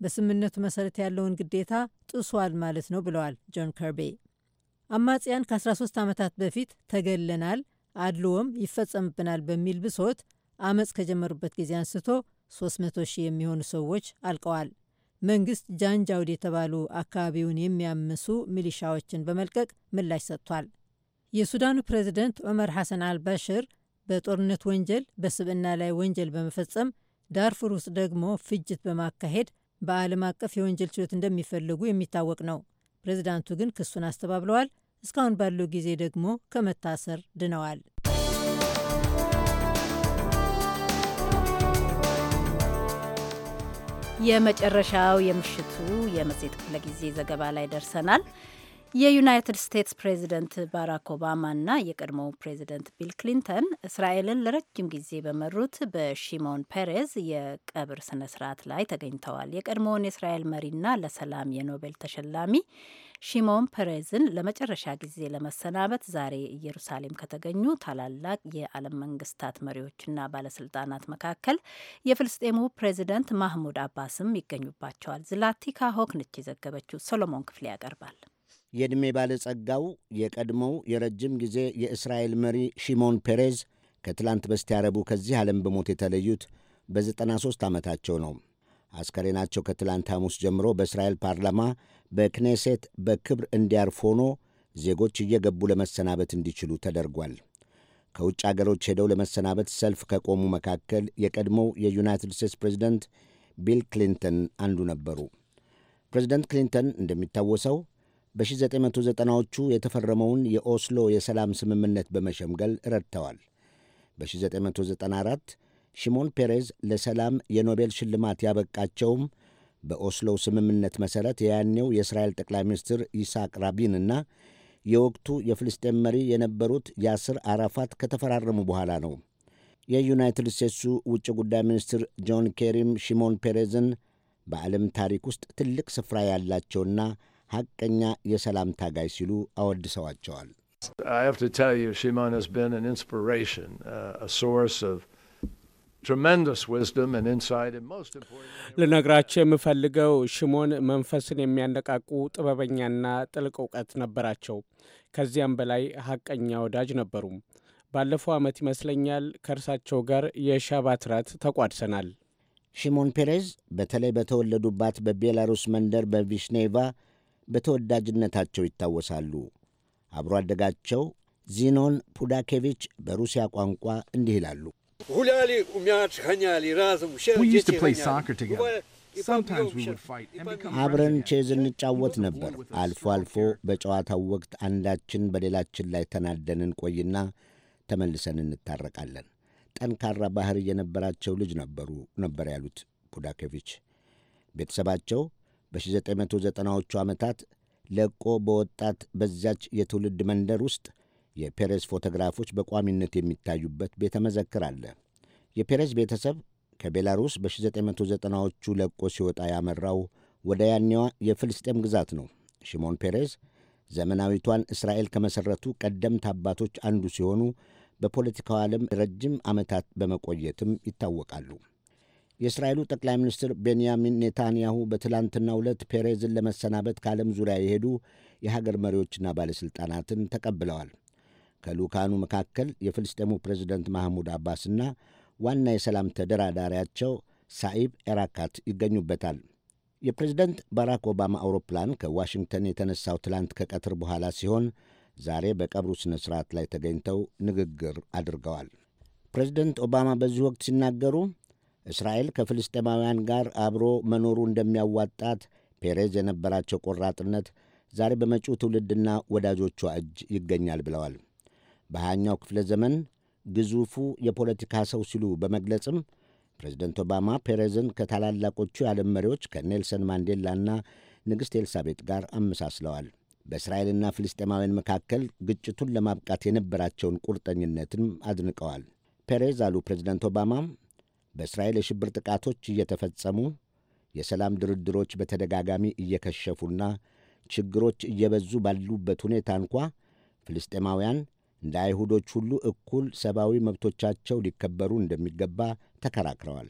በስምምነቱ መሰረት ያለውን ግዴታ ጥሷል ማለት ነው ብለዋል ጆን ከርቤ። አማጽያን ከ13 ዓመታት በፊት ተገለናል፣ አድልዎም ይፈጸምብናል በሚል ብሶት አመፅ ከጀመሩበት ጊዜ አንስቶ 300 ሺህ የሚሆኑ ሰዎች አልቀዋል። መንግስት ጃንጃውድ የተባሉ አካባቢውን የሚያምሱ ሚሊሻዎችን በመልቀቅ ምላሽ ሰጥቷል። የሱዳኑ ፕሬዚደንት ዑመር ሐሰን አልባሽር በጦርነት ወንጀል፣ በስብዕና ላይ ወንጀል በመፈጸም ዳርፉር ውስጥ ደግሞ ፍጅት በማካሄድ በዓለም አቀፍ የወንጀል ችሎት እንደሚፈልጉ የሚታወቅ ነው። ፕሬዚዳንቱ ግን ክሱን አስተባብለዋል። እስካሁን ባለው ጊዜ ደግሞ ከመታሰር ድነዋል። የመጨረሻው የምሽቱ የመጽሔት ክፍለ ጊዜ ዘገባ ላይ ደርሰናል። የዩናይትድ ስቴትስ ፕሬዚደንት ባራክ ኦባማና የቀድሞው ፕሬዚደንት ቢል ክሊንተን እስራኤልን ለረጅም ጊዜ በመሩት በሺሞን ፔሬዝ የቀብር ስነ ስርዓት ላይ ተገኝተዋል። የቀድሞውን የእስራኤል መሪና ለሰላም የኖቤል ተሸላሚ ሺሞን ፐሬዝን ለመጨረሻ ጊዜ ለመሰናበት ዛሬ ኢየሩሳሌም ከተገኙ ታላላቅ የዓለም መንግስታት መሪዎችና ባለስልጣናት መካከል የፍልስጤሙ ፕሬዚደንት ማህሙድ አባስም ይገኙባቸዋል። ዝላቲካ ሆክ ነች የዘገበችው። ሶሎሞን ክፍሌ ያቀርባል። የዕድሜ ባለጸጋው የቀድሞው የረጅም ጊዜ የእስራኤል መሪ ሺሞን ፔሬዝ ከትላንት በስቲያ ረቡዕ ከዚህ ዓለም በሞት የተለዩት በ93 ዓመታቸው ነው። አስከሬናቸው ከትላንት ሐሙስ ጀምሮ በእስራኤል ፓርላማ በክኔሴት በክብር እንዲያርፍ ሆኖ ዜጎች እየገቡ ለመሰናበት እንዲችሉ ተደርጓል። ከውጭ አገሮች ሄደው ለመሰናበት ሰልፍ ከቆሙ መካከል የቀድሞው የዩናይትድ ስቴትስ ፕሬዚደንት ቢል ክሊንተን አንዱ ነበሩ። ፕሬዚደንት ክሊንተን እንደሚታወሰው በ1990ዎቹ የተፈረመውን የኦስሎ የሰላም ስምምነት በመሸምገል ረድተዋል። በ1994 ሺሞን ፔሬዝ ለሰላም የኖቤል ሽልማት ያበቃቸውም በኦስሎ ስምምነት መሠረት የያኔው የእስራኤል ጠቅላይ ሚኒስትር ይስሐቅ ራቢንና የወቅቱ የፍልስጤም መሪ የነበሩት ያስር አራፋት ከተፈራረሙ በኋላ ነው። የዩናይትድ ስቴትሱ ውጭ ጉዳይ ሚኒስትር ጆን ኬሪም ሺሞን ፔሬዝን በዓለም ታሪክ ውስጥ ትልቅ ስፍራ ያላቸውና ሐቀኛ የሰላም ታጋይ ሲሉ አወድሰዋቸዋል። ልነግራቸው የምፈልገው ሽሞን መንፈስን የሚያነቃቁ ጥበበኛና ጥልቅ እውቀት ነበራቸው። ከዚያም በላይ ሐቀኛ ወዳጅ ነበሩ። ባለፈው ዓመት ይመስለኛል ከእርሳቸው ጋር የሻባት ራት ተቋድሰናል። ሽሞን ፔሬዝ በተለይ በተወለዱባት በቤላሩስ መንደር በቪሽኔቫ በተወዳጅነታቸው ይታወሳሉ። አብሮ አደጋቸው ዚኖን ፑዳኬቪች በሩሲያ ቋንቋ እንዲህ ይላሉ We used to play soccer together. Sometimes we would fight and become አብረን ቼዝ እንጫወት ነበር። አልፎ አልፎ በጨዋታው ወቅት አንዳችን በሌላችን ላይ ተናደንን ቆይና ተመልሰን እንታረቃለን። ጠንካራ ባህሪ የነበራቸው ልጅ ነበሩ ነበር ያሉት ቡዳኬቪች። ቤተሰባቸው በ1990ዎቹ ዓመታት ለቆ በወጣት በዚያች የትውልድ መንደር ውስጥ የፔሬዝ ፎቶግራፎች በቋሚነት የሚታዩበት ቤተ መዘክር አለ። የፔሬዝ ቤተሰብ ከቤላሩስ በ1990ዎቹ ለቆ ሲወጣ ያመራው ወደ ያኔዋ የፍልስጤም ግዛት ነው። ሽሞን ፔሬዝ ዘመናዊቷን እስራኤል ከመሠረቱ ቀደምት አባቶች አንዱ ሲሆኑ በፖለቲካው ዓለም ረጅም ዓመታት በመቆየትም ይታወቃሉ። የእስራኤሉ ጠቅላይ ሚኒስትር ቤንያሚን ኔታንያሁ በትላንትናው ዕለት ፔሬዝን ለመሰናበት ከዓለም ዙሪያ የሄዱ የሀገር መሪዎችና ባለሥልጣናትን ተቀብለዋል። ከልኡካኑ መካከል የፍልስጤሙ ፕሬዚደንት ማህሙድ አባስና ዋና የሰላም ተደራዳሪያቸው ሳኢብ ኤራካት ይገኙበታል። የፕሬዝደንት ባራክ ኦባማ አውሮፕላን ከዋሽንግተን የተነሳው ትላንት ከቀትር በኋላ ሲሆን ዛሬ በቀብሩ ሥነ ሥርዓት ላይ ተገኝተው ንግግር አድርገዋል። ፕሬዝደንት ኦባማ በዚህ ወቅት ሲናገሩ እስራኤል ከፍልስጤማውያን ጋር አብሮ መኖሩ እንደሚያዋጣት ፔሬዝ የነበራቸው ቆራጥነት ዛሬ በመጪው ትውልድና ወዳጆቿ እጅ ይገኛል ብለዋል። በሃያኛው ክፍለ ዘመን ግዙፉ የፖለቲካ ሰው ሲሉ በመግለጽም ፕሬዚደንት ኦባማ ፔሬዝን ከታላላቆቹ የዓለም መሪዎች ከኔልሰን ማንዴላና ንግሥት ኤልሳቤጥ ጋር አመሳስለዋል። በእስራኤልና ፍልስጤማውያን መካከል ግጭቱን ለማብቃት የነበራቸውን ቁርጠኝነትም አድንቀዋል። ፔሬዝ አሉ ፕሬዚደንት ኦባማ በእስራኤል የሽብር ጥቃቶች እየተፈጸሙ የሰላም ድርድሮች በተደጋጋሚ እየከሸፉና ችግሮች እየበዙ ባሉበት ሁኔታ እንኳ ፍልስጤማውያን እንደ አይሁዶች ሁሉ እኩል ሰብአዊ መብቶቻቸው ሊከበሩ እንደሚገባ ተከራክረዋል።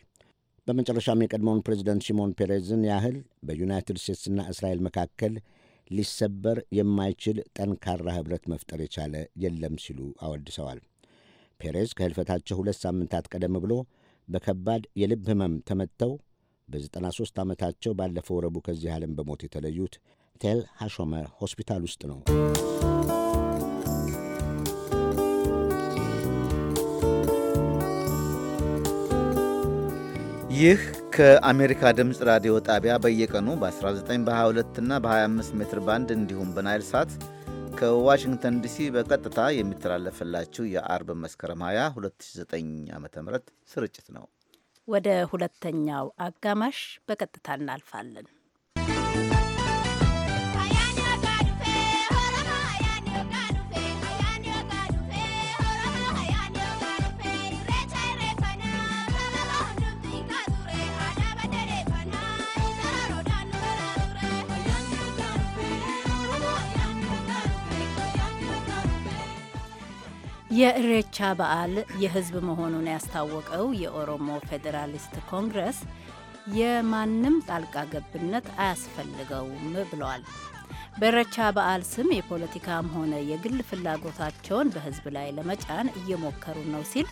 በመጨረሻም የቀድሞውን ፕሬዚደንት ሺሞን ፔሬዝን ያህል በዩናይትድ ስቴትስና እስራኤል መካከል ሊሰበር የማይችል ጠንካራ ኅብረት መፍጠር የቻለ የለም ሲሉ አወድሰዋል። ፔሬዝ ከህልፈታቸው ሁለት ሳምንታት ቀደም ብሎ በከባድ የልብ ህመም ተመትተው በ93 ዓመታቸው ባለፈው ረቡዕ ከዚህ ዓለም በሞት የተለዩት ቴል ሐሾመ ሆስፒታል ውስጥ ነው። ይህ ከአሜሪካ ድምፅ ራዲዮ ጣቢያ በየቀኑ በ19 በ22 እና በ25 ሜትር ባንድ እንዲሁም በናይል ሳት ከዋሽንግተን ዲሲ በቀጥታ የሚተላለፍላችሁ የአርብ መስከረም 20 2009 ዓ ም ስርጭት ነው። ወደ ሁለተኛው አጋማሽ በቀጥታ እናልፋለን። የእሬቻ በዓል የህዝብ መሆኑን ያስታወቀው የኦሮሞ ፌዴራሊስት ኮንግረስ የማንም ጣልቃ ገብነት አያስፈልገውም ብሏል። በእሬቻ በዓል ስም የፖለቲካም ሆነ የግል ፍላጎታቸውን በህዝብ ላይ ለመጫን እየሞከሩ ነው ሲል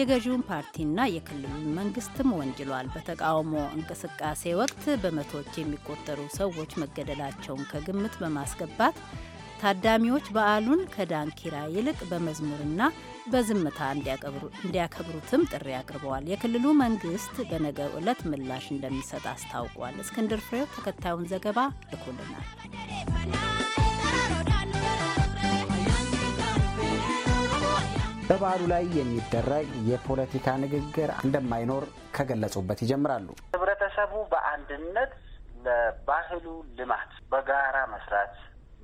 የገዢውን ፓርቲና የክልሉን መንግስትም ወንጅሏል። በተቃውሞ እንቅስቃሴ ወቅት በመቶዎች የሚቆጠሩ ሰዎች መገደላቸውን ከግምት በማስገባት ታዳሚዎች በዓሉን ከዳንኪራ ይልቅ በመዝሙርና በዝምታ እንዲያከብሩትም ጥሪ አቅርበዋል። የክልሉ መንግስት በነገ ዕለት ምላሽ እንደሚሰጥ አስታውቋል። እስክንድር ፍሬው ተከታዩን ዘገባ ልኩልናል። በበዓሉ ላይ የሚደረግ የፖለቲካ ንግግር እንደማይኖር ከገለጹበት ይጀምራሉ። ህብረተሰቡ በአንድነት ለባህሉ ልማት በጋራ መስራት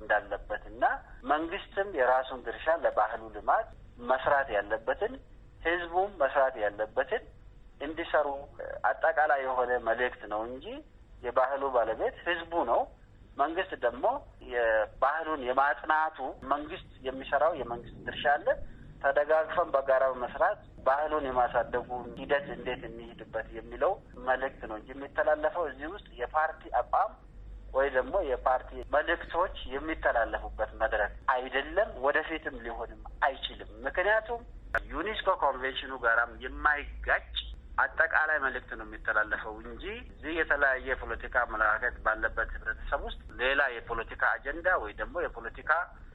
እንዳለበት እና መንግስትም የራሱን ድርሻ ለባህሉ ልማት መስራት ያለበትን ህዝቡም መስራት ያለበትን እንዲሰሩ አጠቃላይ የሆነ መልእክት ነው እንጂ የባህሉ ባለቤት ህዝቡ ነው። መንግስት ደግሞ የባህሉን የማጽናቱ መንግስት የሚሰራው የመንግስት ድርሻ አለ። ተደጋግፈን በጋራ መስራት ባህሉን የማሳደጉ ሂደት እንዴት እንሂድበት የሚለው መልእክት ነው እንጂ የሚተላለፈው እዚህ ውስጥ የፓርቲ አቋም ወይ ደግሞ የፓርቲ መልእክቶች የሚተላለፉበት መድረክ አይደለም፣ ወደፊትም ሊሆንም አይችልም። ምክንያቱም ዩኒስኮ ኮንቬንሽኑ ጋራም የማይጋጭ አጠቃላይ መልእክት ነው የሚተላለፈው እንጂ እዚህ የተለያየ የፖለቲካ አመለካከት ባለበት ህብረተሰብ ውስጥ ሌላ የፖለቲካ አጀንዳ ወይ ደግሞ የፖለቲካ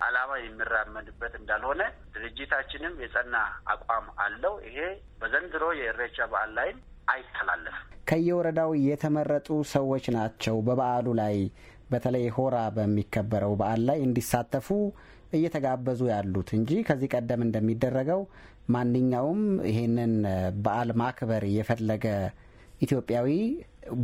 ዓላማ የሚራመድበት እንዳልሆነ ድርጅታችንም የጸና አቋም አለው። ይሄ በዘንድሮ የእሬቻ በዓል ላይም አይተላለፍም። ከየወረዳው የተመረጡ ሰዎች ናቸው በበዓሉ ላይ በተለይ ሆራ በሚከበረው በዓል ላይ እንዲሳተፉ እየተጋበዙ ያሉት እንጂ ከዚህ ቀደም እንደሚደረገው ማንኛውም ይሄንን በዓል ማክበር የፈለገ ኢትዮጵያዊ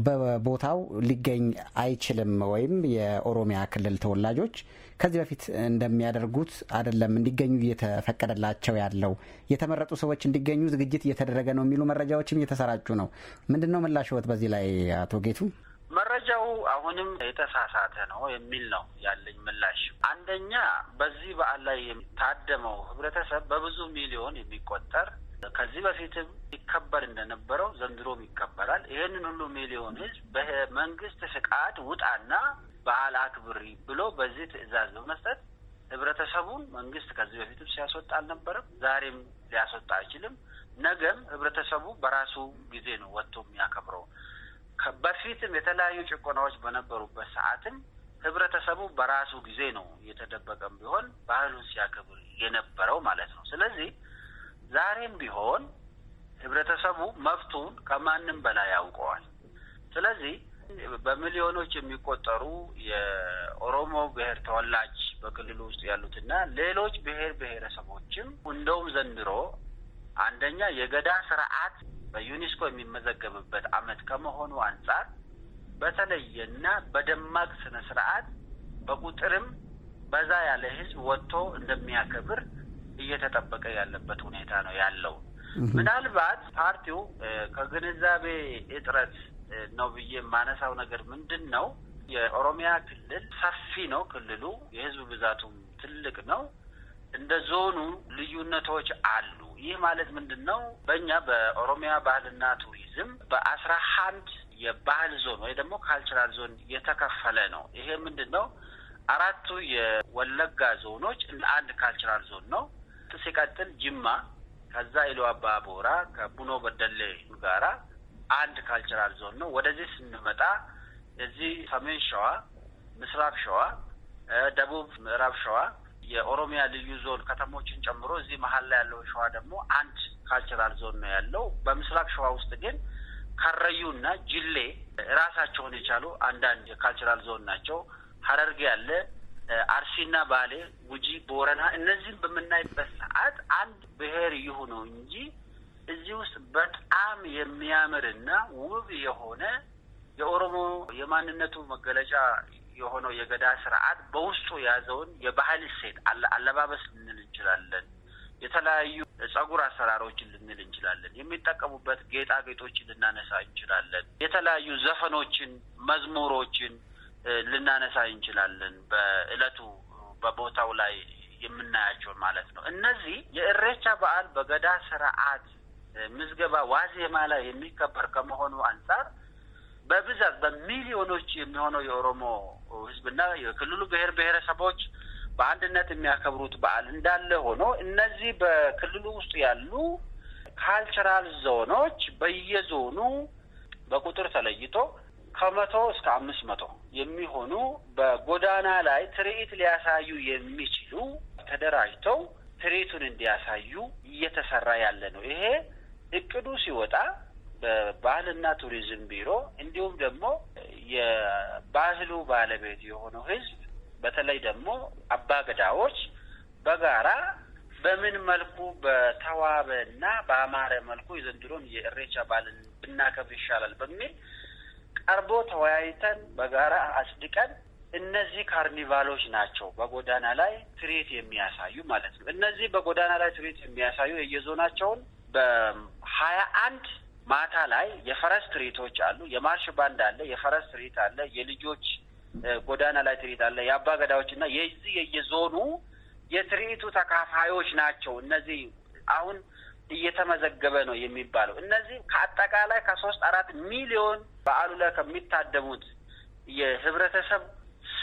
በቦታው ሊገኝ አይችልም ወይም የኦሮሚያ ክልል ተወላጆች ከዚህ በፊት እንደሚያደርጉት አይደለም እንዲገኙ እየተፈቀደላቸው ያለው የተመረጡ ሰዎች እንዲገኙ ዝግጅት እየተደረገ ነው የሚሉ መረጃዎችም እየተሰራጩ ነው። ምንድን ነው ምላሽዎት በዚህ ላይ አቶ ጌቱ? መረጃው አሁንም የተሳሳተ ነው የሚል ነው ያለኝ ምላሽ። አንደኛ በዚህ በዓል ላይ የታደመው ህብረተሰብ በብዙ ሚሊዮን የሚቆጠር ከዚህ በፊትም ይከበር እንደነበረው ዘንድሮም ይከበራል። ይህንን ሁሉ ሚሊዮን ህዝብ በመንግስት ፍቃድ ውጣና በዓል አክብሪ ብሎ በዚህ ትዕዛዝ በመስጠት ህብረተሰቡን መንግስት ከዚህ በፊትም ሲያስወጣ አልነበረም። ዛሬም ሊያስወጣ አይችልም። ነገም ህብረተሰቡ በራሱ ጊዜ ነው ወጥቶ የሚያከብረው። በፊትም የተለያዩ ጭቆናዎች በነበሩበት ሰዓትም ህብረተሰቡ በራሱ ጊዜ ነው እየተደበቀም ቢሆን ባህሉን ሲያከብር የነበረው ማለት ነው። ስለዚህ ዛሬም ቢሆን ህብረተሰቡ መብቱን ከማንም በላይ ያውቀዋል። ስለዚህ በሚሊዮኖች የሚቆጠሩ የኦሮሞ ብሔር ተወላጅ በክልሉ ውስጥ ያሉትና ሌሎች ብሔር ብሔረሰቦችም እንደውም ዘንድሮ አንደኛ የገዳ ስርዓት በዩኔስኮ የሚመዘገብበት ዓመት ከመሆኑ አንጻር በተለየና በደማቅ ስነ ስርዓት በቁጥርም በዛ ያለ ህዝብ ወጥቶ እንደሚያከብር እየተጠበቀ ያለበት ሁኔታ ነው ያለው። ምናልባት ፓርቲው ከግንዛቤ እጥረት ነው ብዬ የማነሳው ነገር ምንድን ነው፣ የኦሮሚያ ክልል ሰፊ ነው። ክልሉ የህዝብ ብዛቱም ትልቅ ነው። እንደ ዞኑ ልዩነቶች አሉ። ይህ ማለት ምንድን ነው? በእኛ በኦሮሚያ ባህልና ቱሪዝም በአስራ አንድ የባህል ዞን ወይ ደግሞ ካልቸራል ዞን የተከፈለ ነው። ይሄ ምንድን ነው? አራቱ የወለጋ ዞኖች እንደ አንድ ካልቸራል ዞን ነው። ሲቀጥል ጅማ፣ ከዛ ኢሉ አባ ቦራ ከቡኖ በደሌ ጋራ አንድ ካልቸራል ዞን ነው። ወደዚህ ስንመጣ እዚህ ሰሜን ሸዋ፣ ምስራቅ ሸዋ፣ ደቡብ ምዕራብ ሸዋ የኦሮሚያ ልዩ ዞን ከተሞችን ጨምሮ እዚህ መሀል ላይ ያለው ሸዋ ደግሞ አንድ ካልቸራል ዞን ነው ያለው። በምስራቅ ሸዋ ውስጥ ግን ከረዩና ጅሌ ራሳቸውን የቻሉ አንዳንድ የካልቸራል ዞን ናቸው። ሀረርጌ ያለ አርሲና ባሌ፣ ጉጂ፣ ቦረና እነዚህም በምናይበት ሰዓት አንድ ብሔር ይሁነው እንጂ እዚህ ውስጥ በጣም የሚያምርና ውብ የሆነ የኦሮሞ የማንነቱ መገለጫ የሆነው የገዳ ስርዓት በውስጡ የያዘውን የባህል እሴት አለባበስ ልንል እንችላለን። የተለያዩ ጸጉር አሰራሮችን ልንል እንችላለን። የሚጠቀሙበት ጌጣጌጦችን ልናነሳ እንችላለን። የተለያዩ ዘፈኖችን፣ መዝሙሮችን ልናነሳ እንችላለን። በእለቱ በቦታው ላይ የምናያቸው ማለት ነው። እነዚህ የእሬቻ በዓል በገዳ ስርዓት ምዝገባ ዋዜማ ላይ የሚከበር ከመሆኑ አንጻር በብዛት በሚሊዮኖች የሚሆነው የኦሮሞ ህዝብና የክልሉ ብሔር ብሔረሰቦች በአንድነት የሚያከብሩት በዓል እንዳለ ሆኖ እነዚህ በክልሉ ውስጥ ያሉ ካልቸራል ዞኖች በየዞኑ በቁጥር ተለይቶ ከመቶ እስከ አምስት መቶ የሚሆኑ በጎዳና ላይ ትርኢት ሊያሳዩ የሚችሉ ተደራጅተው ትርኢቱን እንዲያሳዩ እየተሰራ ያለ ነው። ይሄ እቅዱ ሲወጣ በባህልና ቱሪዝም ቢሮ እንዲሁም ደግሞ የባህሉ ባለቤት የሆነው ሕዝብ በተለይ ደግሞ አባገዳዎች በጋራ በምን መልኩ በተዋበና በአማረ መልኩ የዘንድሮን የእሬቻ በዓልን ብናከብር ይሻላል በሚል ቀርቦ ተወያይተን በጋራ አጽድቀን እነዚህ ካርኒቫሎች ናቸው በጎዳና ላይ ትርኢት የሚያሳዩ ማለት ነው። እነዚህ በጎዳና ላይ ትርኢት የሚያሳዩ የየዞናቸውን በሀያ አንድ ማታ ላይ የፈረስ ትርኢቶች አሉ። የማርሽ ባንድ አለ፣ የፈረስ ትርኢት አለ፣ የልጆች ጎዳና ላይ ትርኢት አለ። የአባ ገዳዎች እና የዚህ የየዞኑ የትርኢቱ ተካፋዮች ናቸው። እነዚህ አሁን እየተመዘገበ ነው የሚባለው። እነዚህ ከአጠቃላይ ከሶስት አራት ሚሊዮን በዓሉ ላይ ከሚታደሙት የህብረተሰብ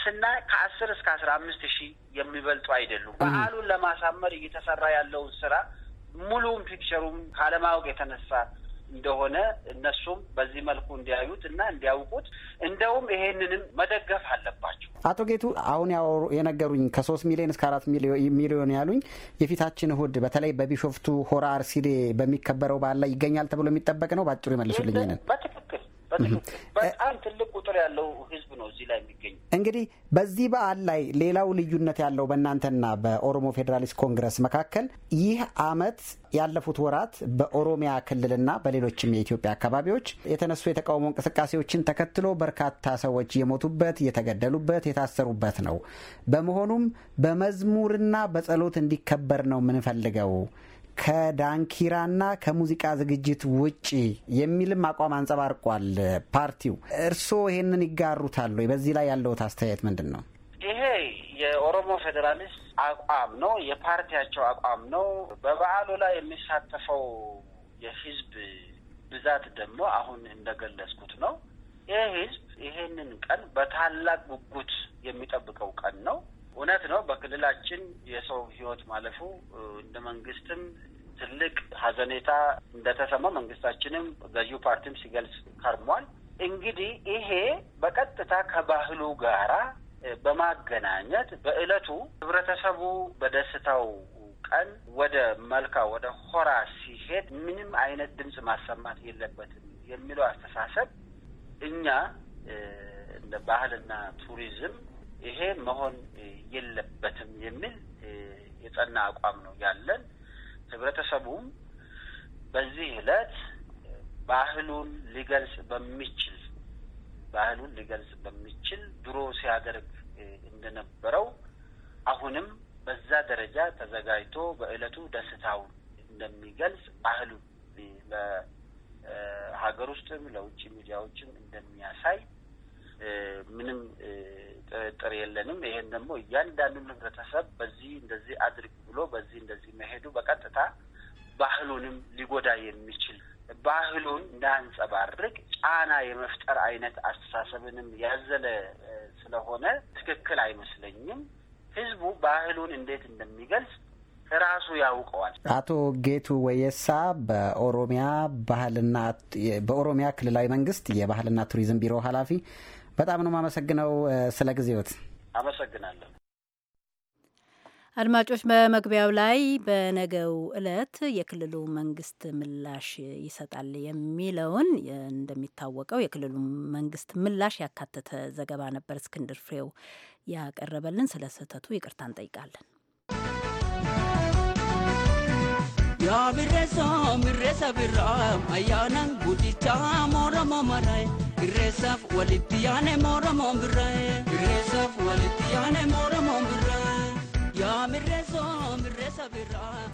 ስናይ ከአስር እስከ አስራ አምስት ሺህ የሚበልጡ አይደሉም። በዓሉን ለማሳመር እየተሰራ ያለውን ስራ ሙሉውን ፒክቸሩም ካለማወቅ የተነሳ እንደሆነ እነሱም በዚህ መልኩ እንዲያዩት እና እንዲያውቁት እንደውም ይሄንንም መደገፍ አለባቸው። አቶ ጌቱ አሁን የነገሩኝ ከሶስት ሚሊዮን እስከ አራት ሚሊዮን ያሉኝ የፊታችን እሁድ በተለይ በቢሾፍቱ ሆራ አርሲዴ በሚከበረው በዓል ላይ ይገኛል ተብሎ የሚጠበቅ ነው። በአጭሩ ይመልሱልኝ። በትክክል በጣም ትልቅ ቁጥር ያለው ህዝብ ነው እዚህ ላይ የሚገኝ። እንግዲህ በዚህ በዓል ላይ ሌላው ልዩነት ያለው በእናንተና በኦሮሞ ፌዴራሊስት ኮንግረስ መካከል ይህ አመት ያለፉት ወራት በኦሮሚያ ክልልና በሌሎችም የኢትዮጵያ አካባቢዎች የተነሱ የተቃውሞ እንቅስቃሴዎችን ተከትሎ በርካታ ሰዎች የሞቱበት፣ የተገደሉበት፣ የታሰሩበት ነው። በመሆኑም በመዝሙርና በጸሎት እንዲከበር ነው የምንፈልገው ከዳንኪራና ከሙዚቃ ዝግጅት ውጪ የሚልም አቋም አንጸባርቋል ፓርቲው። እርስዎ ይሄንን ይጋሩታል ወይ? በዚህ ላይ ያለውት አስተያየት ምንድን ነው? ይሄ የኦሮሞ ፌዴራሊስት አቋም ነው፣ የፓርቲያቸው አቋም ነው። በበዓሉ ላይ የሚሳተፈው የህዝብ ብዛት ደግሞ አሁን እንደገለጽኩት ነው። ይህ ህዝብ ይሄንን ቀን በታላቅ ጉጉት የሚጠብቀው ቀን ነው። እውነት ነው። በክልላችን የሰው ህይወት ማለፉ እንደ መንግስትም ትልቅ ሀዘኔታ እንደተሰማ መንግስታችንም ገዢው ፓርቲም ሲገልጽ ከርሟል። እንግዲህ ይሄ በቀጥታ ከባህሉ ጋራ በማገናኘት በእለቱ ህብረተሰቡ በደስታው ቀን ወደ መልካ ወደ ሆራ ሲሄድ ምንም አይነት ድምፅ ማሰማት የለበትም የሚለው አስተሳሰብ እኛ እንደ ባህልና ቱሪዝም ይሄ መሆን የለበትም የሚል የጸና አቋም ነው ያለን። ህብረተሰቡም በዚህ እለት ባህሉን ሊገልጽ በሚችል ባህሉን ሊገልጽ በሚችል ድሮ ሲያደርግ እንደነበረው አሁንም በዛ ደረጃ ተዘጋጅቶ በእለቱ ደስታውን እንደሚገልጽ ባህሉን ለሀገር ውስጥም ለውጭ ሚዲያዎችም እንደሚያሳይ ምንም ጥርጥር የለንም። ይሄን ደግሞ እያንዳንዱን ህብረተሰብ በዚህ እንደዚህ አድርግ ብሎ በዚህ እንደዚህ መሄዱ በቀጥታ ባህሉንም ሊጎዳ የሚችል ባህሉን እንዳንጸባርቅ ጫና የመፍጠር አይነት አስተሳሰብንም ያዘለ ስለሆነ ትክክል አይመስለኝም። ህዝቡ ባህሉን እንዴት እንደሚገልጽ ራሱ ያውቀዋል። አቶ ጌቱ ወየሳ በኦሮሚያ ባህልና በኦሮሚያ ክልላዊ መንግስት የባህልና ቱሪዝም ቢሮ ኃላፊ በጣም ነው የማመሰግነው ስለ ጊዜዎት። አመሰግናለሁ። አድማጮች በመግቢያው ላይ በነገው ዕለት የክልሉ መንግስት ምላሽ ይሰጣል የሚለውን እንደሚታወቀው የክልሉ መንግስት ምላሽ ያካተተ ዘገባ ነበር እስክንድር ፍሬው ያቀረበልን። ስለ ስህተቱ ይቅርታ እንጠይቃለን። ብረሶ ብረሰ ብራ አያነን ጉዲቻ Gresaf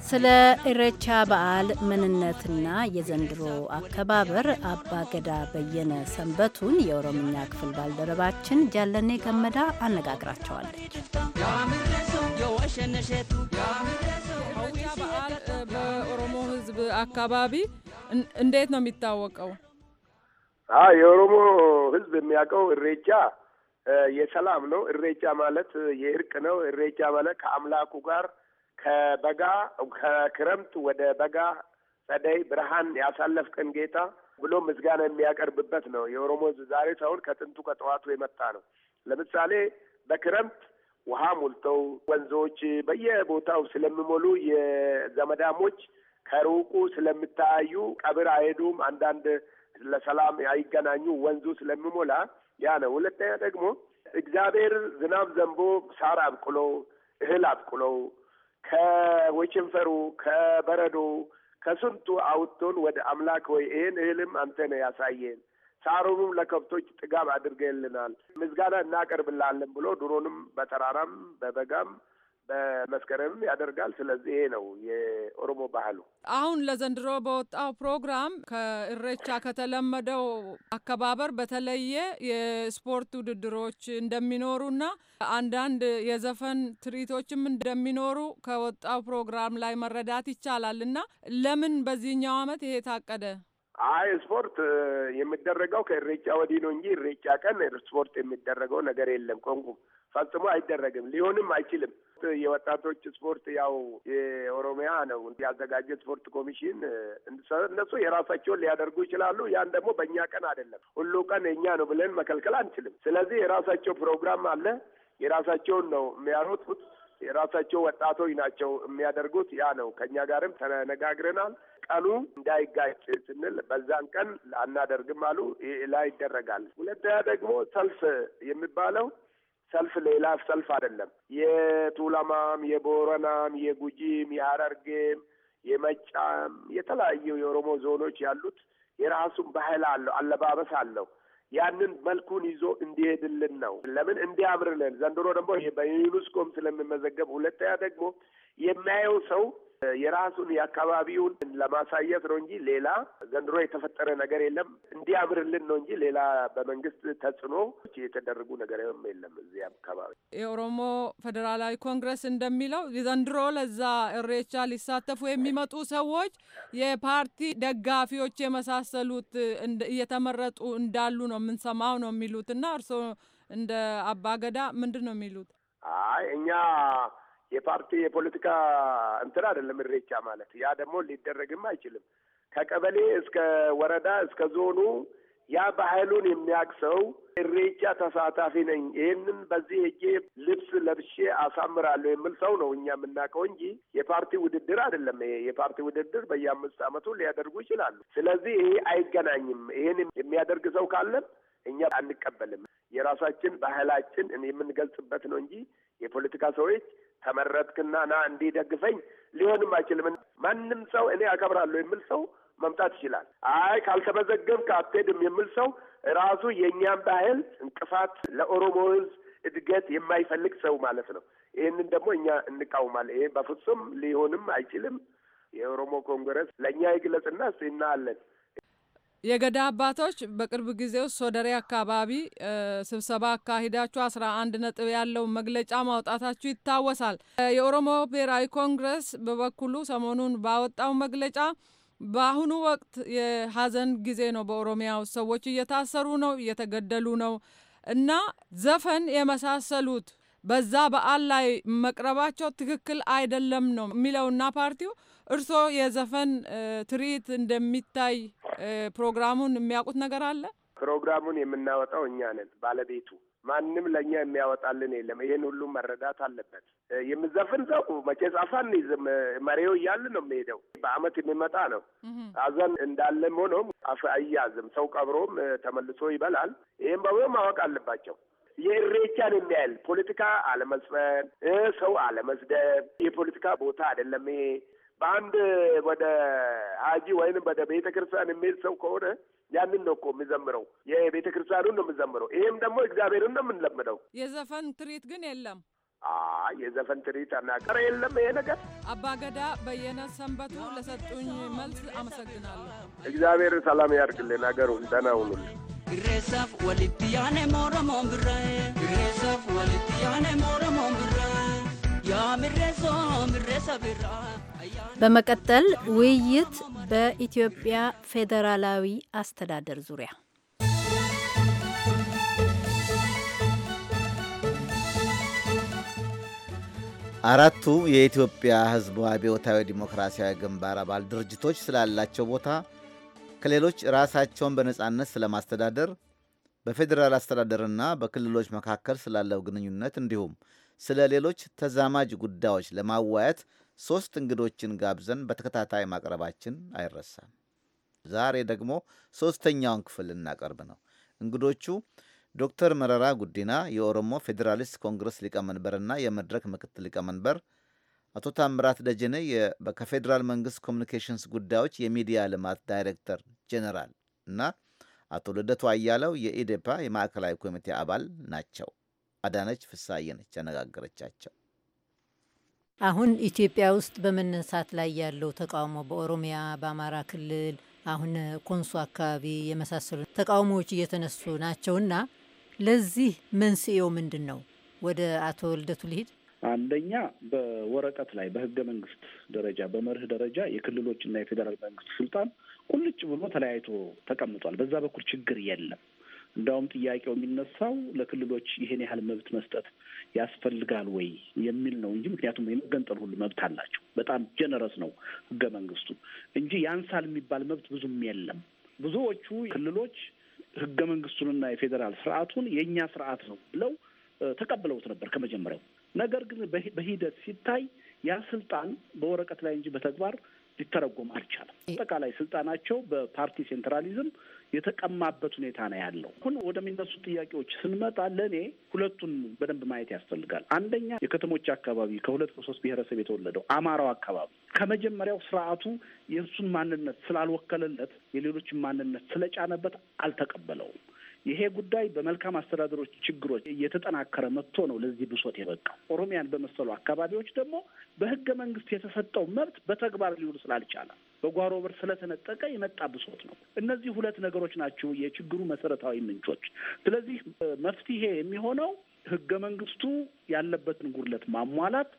ስለ ኢሬቻ በዓል ምንነትና የዘንድሮ አከባበር አባገዳ በየነ ሰንበቱን የኦሮምኛ ክፍል ባልደረባችን ጃለኔ ገመዳ አነጋግራቸዋለች። ያ በዓል አካባቢ እንዴት ነው የሚታወቀው? የኦሮሞ ህዝብ የሚያውቀው እሬቻ የሰላም ነው። እሬቻ ማለት የእርቅ ነው። እሬቻ ማለት ከአምላኩ ጋር ከበጋ ከክረምት ወደ በጋ ጸደይ ብርሃን ያሳለፍቀን ጌታ ብሎ ምስጋና የሚያቀርብበት ነው። የኦሮሞ ህዝብ ዛሬ ሳይሆን ከጥንቱ ከጠዋቱ የመጣ ነው። ለምሳሌ በክረምት ውሃ ሞልተው ወንዞች በየቦታው ስለሚሞሉ የዘመዳሞች ከሩቁ ስለሚታዩ ቀብር አይሄዱም። አንዳንድ ለሰላም አይገናኙ ወንዙ ስለሚሞላ ያ ነው። ሁለተኛ ደግሞ እግዚአብሔር ዝናብ ዘንቦ ሳር አብቅሎ እህል አብቅሎ ከወችንፈሩ ከበረዶ ከስንቱ አውጥቶን ወደ አምላክ ወይ ይህን እህልም አንተ ነህ ያሳየን ሳሩንም ለከብቶች ጥጋብ አድርገልናል፣ ምዝጋና እናቀርብላለን ብሎ ድሮንም በተራራም በበጋም በመስከረም ያደርጋል። ስለዚህ ይሄ ነው የኦሮሞ ባህሉ። አሁን ለዘንድሮ በወጣው ፕሮግራም ከእሬቻ ከተለመደው አከባበር በተለየ የስፖርት ውድድሮች እንደሚኖሩና አንዳንድ የዘፈን ትርኢቶችም እንደሚኖሩ ከወጣው ፕሮግራም ላይ መረዳት ይቻላል። እና ለምን በዚህኛው አመት ይሄ ታቀደ? አይ ስፖርት የሚደረገው ከእሬቻ ወዲህ ነው እንጂ እሬቻ ቀን ስፖርት የሚደረገው ነገር የለም። ቆንቁም ፈጽሞ አይደረግም፣ ሊሆንም አይችልም። የወጣቶች ስፖርት ያው የኦሮሚያ ነው ያዘጋጀ ስፖርት ኮሚሽን እነሱ የራሳቸውን ሊያደርጉ ይችላሉ። ያን ደግሞ በእኛ ቀን አይደለም፣ ሁሉ ቀን የእኛ ነው ብለን መከልከል አንችልም። ስለዚህ የራሳቸው ፕሮግራም አለ። የራሳቸውን ነው የሚያሮጡት። የራሳቸው ወጣቶች ናቸው የሚያደርጉት። ያ ነው ከእኛ ጋርም ተነጋግረናል። ቀኑ እንዳይጋጭ ስንል በዛን ቀን አናደርግም አሉ። ላይ ይደረጋል። ሁለተኛ ደግሞ ሰልፍ የሚባለው ሰልፍ ሌላ ሰልፍ አይደለም። የቱለማም፣ የቦረናም፣ የጉጂም፣ የሀረርጌም፣ የመጫም የተለያዩ የኦሮሞ ዞኖች ያሉት የራሱን ባህል አለው፣ አለባበስ አለው። ያንን መልኩን ይዞ እንዲሄድልን ነው። ለምን እንዲያምርልን። ዘንድሮ ደግሞ በዩኒስኮም ስለሚመዘገብ፣ ሁለተኛ ደግሞ የሚያየው ሰው የራሱን የአካባቢውን ለማሳየት ነው እንጂ ሌላ ዘንድሮ የተፈጠረ ነገር የለም። እንዲያምርልን ነው እንጂ ሌላ በመንግስት ተጽዕኖ የተደረጉ ነገርም የለም። እዚህ አካባቢ የኦሮሞ ፌዴራላዊ ኮንግረስ እንደሚለው ዘንድሮ ለዛ እሬቻ ሊሳተፉ የሚመጡ ሰዎች የፓርቲ ደጋፊዎች የመሳሰሉት እየተመረጡ እንዳሉ ነው የምንሰማው ነው የሚሉት እና እርስዎ እንደ አባገዳ ምንድን ነው የሚሉት? አይ እኛ የፓርቲ የፖለቲካ እንትን አይደለም እሬቻ ማለት። ያ ደግሞ ሊደረግም አይችልም። ከቀበሌ እስከ ወረዳ እስከ ዞኑ ያ ባህሉን የሚያውቅ ሰው እሬቻ ተሳታፊ ነኝ፣ ይህንን በዚህ ሄጄ ልብስ ለብሼ አሳምራለሁ የሚል ሰው ነው እኛ የምናውቀው እንጂ የፓርቲ ውድድር አይደለም። ይሄ የፓርቲ ውድድር በየአምስት ዓመቱ ሊያደርጉ ይችላሉ። ስለዚህ ይሄ አይገናኝም። ይህን የሚያደርግ ሰው ካለም እኛ አንቀበልም። የራሳችን ባህላችን የምንገልጽበት ነው እንጂ የፖለቲካ ሰዎች ተመረጥክና ና እንዲደግፈኝ ሊሆንም አይችልም። ማንም ሰው እኔ አከብራለሁ የሚል ሰው መምጣት ይችላል። አይ ካልተመዘገብክ አትሄድም የሚል ሰው ራሱ የእኛም ባህል እንቅፋት ለኦሮሞ ህዝብ እድገት የማይፈልግ ሰው ማለት ነው። ይህንን ደግሞ እኛ እንቃውማለን። ይሄ በፍጹም ሊሆንም አይችልም። የኦሮሞ ኮንግረስ ለእኛ የግለጽና እናያለን። የገዳ አባቶች በቅርብ ጊዜ ውስጥ ሶደሬ አካባቢ ስብሰባ አካሂዳችሁ አስራ አንድ ነጥብ ያለው መግለጫ ማውጣታችሁ ይታወሳል። የኦሮሞ ብሔራዊ ኮንግረስ በበኩሉ ሰሞኑን ባወጣው መግለጫ በአሁኑ ወቅት የሀዘን ጊዜ ነው፣ በኦሮሚያ ውስጥ ሰዎች እየታሰሩ ነው፣ እየተገደሉ ነው እና ዘፈን የመሳሰሉት በዛ በዓል ላይ መቅረባቸው ትክክል አይደለም ነው የሚለውና ፓርቲው እርስዎ የዘፈን ትርኢት እንደሚታይ ፕሮግራሙን የሚያውቁት ነገር አለ? ፕሮግራሙን የምናወጣው እኛ ነን ባለቤቱ ማንም ለእኛ የሚያወጣልን የለም። ይህን ሁሉ መረዳት አለበት። የምዘፍን ሰው መቼ ጻፋን መሪው እያለ ነው የሚሄደው። በአመት የሚመጣ ነው። አዘን እንዳለም ሆኖም አፍ አያዝም። ሰው ቀብሮም ተመልሶ ይበላል። ይህም በብሎ ማወቅ አለባቸው። የእሬቻን የሚያህል ፖለቲካ አለመስፈን፣ ሰው አለመስደብ፣ የፖለቲካ ቦታ አይደለም ይሄ። በአንድ ወደ ሀጂ ወይም ወደ ቤተ ክርስቲያን የሚሄድ ሰው ከሆነ ያንን ነው እኮ የሚዘምረው፣ የቤተ ክርስቲያኑን ነው የሚዘምረው። ይህም ደግሞ እግዚአብሔርን ነው የምንለምደው። የዘፈን ትርኢት ግን የለም። የዘፈን ትርኢት አናቀረ የለም። ይሄ ነገር አባገዳ በየነ ሰንበቱ ለሰጡኝ መልስ አመሰግናለሁ። እግዚአብሔር ሰላም ያድርግልን፣ ሀገሩ ደህና ሁኑልን። ግሬሳፍ ወልትያኔ ሞረሞን ብራ ወልትያኔ ሞረሞን በመቀጠል ውይይት በኢትዮጵያ ፌዴራላዊ አስተዳደር ዙሪያ አራቱ የኢትዮጵያ ሕዝብ አብዮታዊ ዲሞክራሲያዊ ግንባር አባል ድርጅቶች ስላላቸው ቦታ ከሌሎች ራሳቸውን በነጻነት ስለማስተዳደር በፌዴራል አስተዳደርና በክልሎች መካከል ስላለው ግንኙነት እንዲሁም ስለ ሌሎች ተዛማጅ ጉዳዮች ለማዋየት ሶስት እንግዶችን ጋብዘን በተከታታይ ማቅረባችን አይረሳም። ዛሬ ደግሞ ሶስተኛውን ክፍል ልናቀርብ ነው። እንግዶቹ ዶክተር መረራ ጉዲና የኦሮሞ ፌዴራሊስት ኮንግረስ ሊቀመንበርና የመድረክ ምክትል ሊቀመንበር፣ አቶ ታምራት ደጀኔ ከፌዴራል መንግስት ኮሚኒኬሽንስ ጉዳዮች የሚዲያ ልማት ዳይሬክተር ጄኔራል እና አቶ ልደቱ አያለው የኢዴፓ የማዕከላዊ ኮሚቴ አባል ናቸው። አዳነች ፍሳዬ ነች ያነጋገረቻቸው። አሁን ኢትዮጵያ ውስጥ በመነሳት ላይ ያለው ተቃውሞ በኦሮሚያ፣ በአማራ ክልል አሁን ኮንሶ አካባቢ የመሳሰሉ ተቃውሞዎች እየተነሱ ናቸውና ለዚህ መንስኤው ምንድን ነው? ወደ አቶ ልደቱ ልሂድ። አንደኛ በወረቀት ላይ በህገ መንግስት ደረጃ በመርህ ደረጃ የክልሎችና የፌዴራል መንግስት ስልጣን ቁልጭ ብሎ ተለያይቶ ተቀምጧል። በዛ በኩል ችግር የለም። እንዳውም ጥያቄው የሚነሳው ለክልሎች ይሄን ያህል መብት መስጠት ያስፈልጋል ወይ የሚል ነው እንጂ ምክንያቱም የመገንጠል ሁሉ መብት አላቸው። በጣም ጀነረስ ነው ህገ መንግስቱ እንጂ ያንሳል የሚባል መብት ብዙም የለም። ብዙዎቹ ክልሎች ህገ መንግስቱንና የፌዴራል ስርዓቱን የእኛ ስርዓት ነው ብለው ተቀብለውት ነበር ከመጀመሪያው። ነገር ግን በሂደት ሲታይ ያ ስልጣን በወረቀት ላይ እንጂ በተግባር ሊተረጎም አልቻለም። አጠቃላይ ስልጣናቸው በፓርቲ ሴንትራሊዝም የተቀማበት ሁኔታ ነው ያለው። አሁን ወደሚነሱት ጥያቄዎች ስንመጣ ለእኔ ሁለቱን በደንብ ማየት ያስፈልጋል። አንደኛ የከተሞች አካባቢ ከሁለት ከሶስት ብሔረሰብ የተወለደው አማራው አካባቢ ከመጀመሪያው ስርዓቱ የእሱን ማንነት ስላልወከለለት የሌሎችን ማንነት ስለጫነበት አልተቀበለውም። ይሄ ጉዳይ በመልካም አስተዳደሮች ችግሮች እየተጠናከረ መጥቶ ነው ለዚህ ብሶት የበቃው። ኦሮሚያን በመሰሉ አካባቢዎች ደግሞ በህገ መንግስት የተሰጠው መብት በተግባር ሊውል ስላልቻለም በጓሮ ብር ስለተነጠቀ የመጣ ብሶት ነው። እነዚህ ሁለት ነገሮች ናቸው የችግሩ መሰረታዊ ምንጮች። ስለዚህ መፍትሄ የሚሆነው ህገ መንግስቱ ያለበትን ጉድለት ማሟላት፣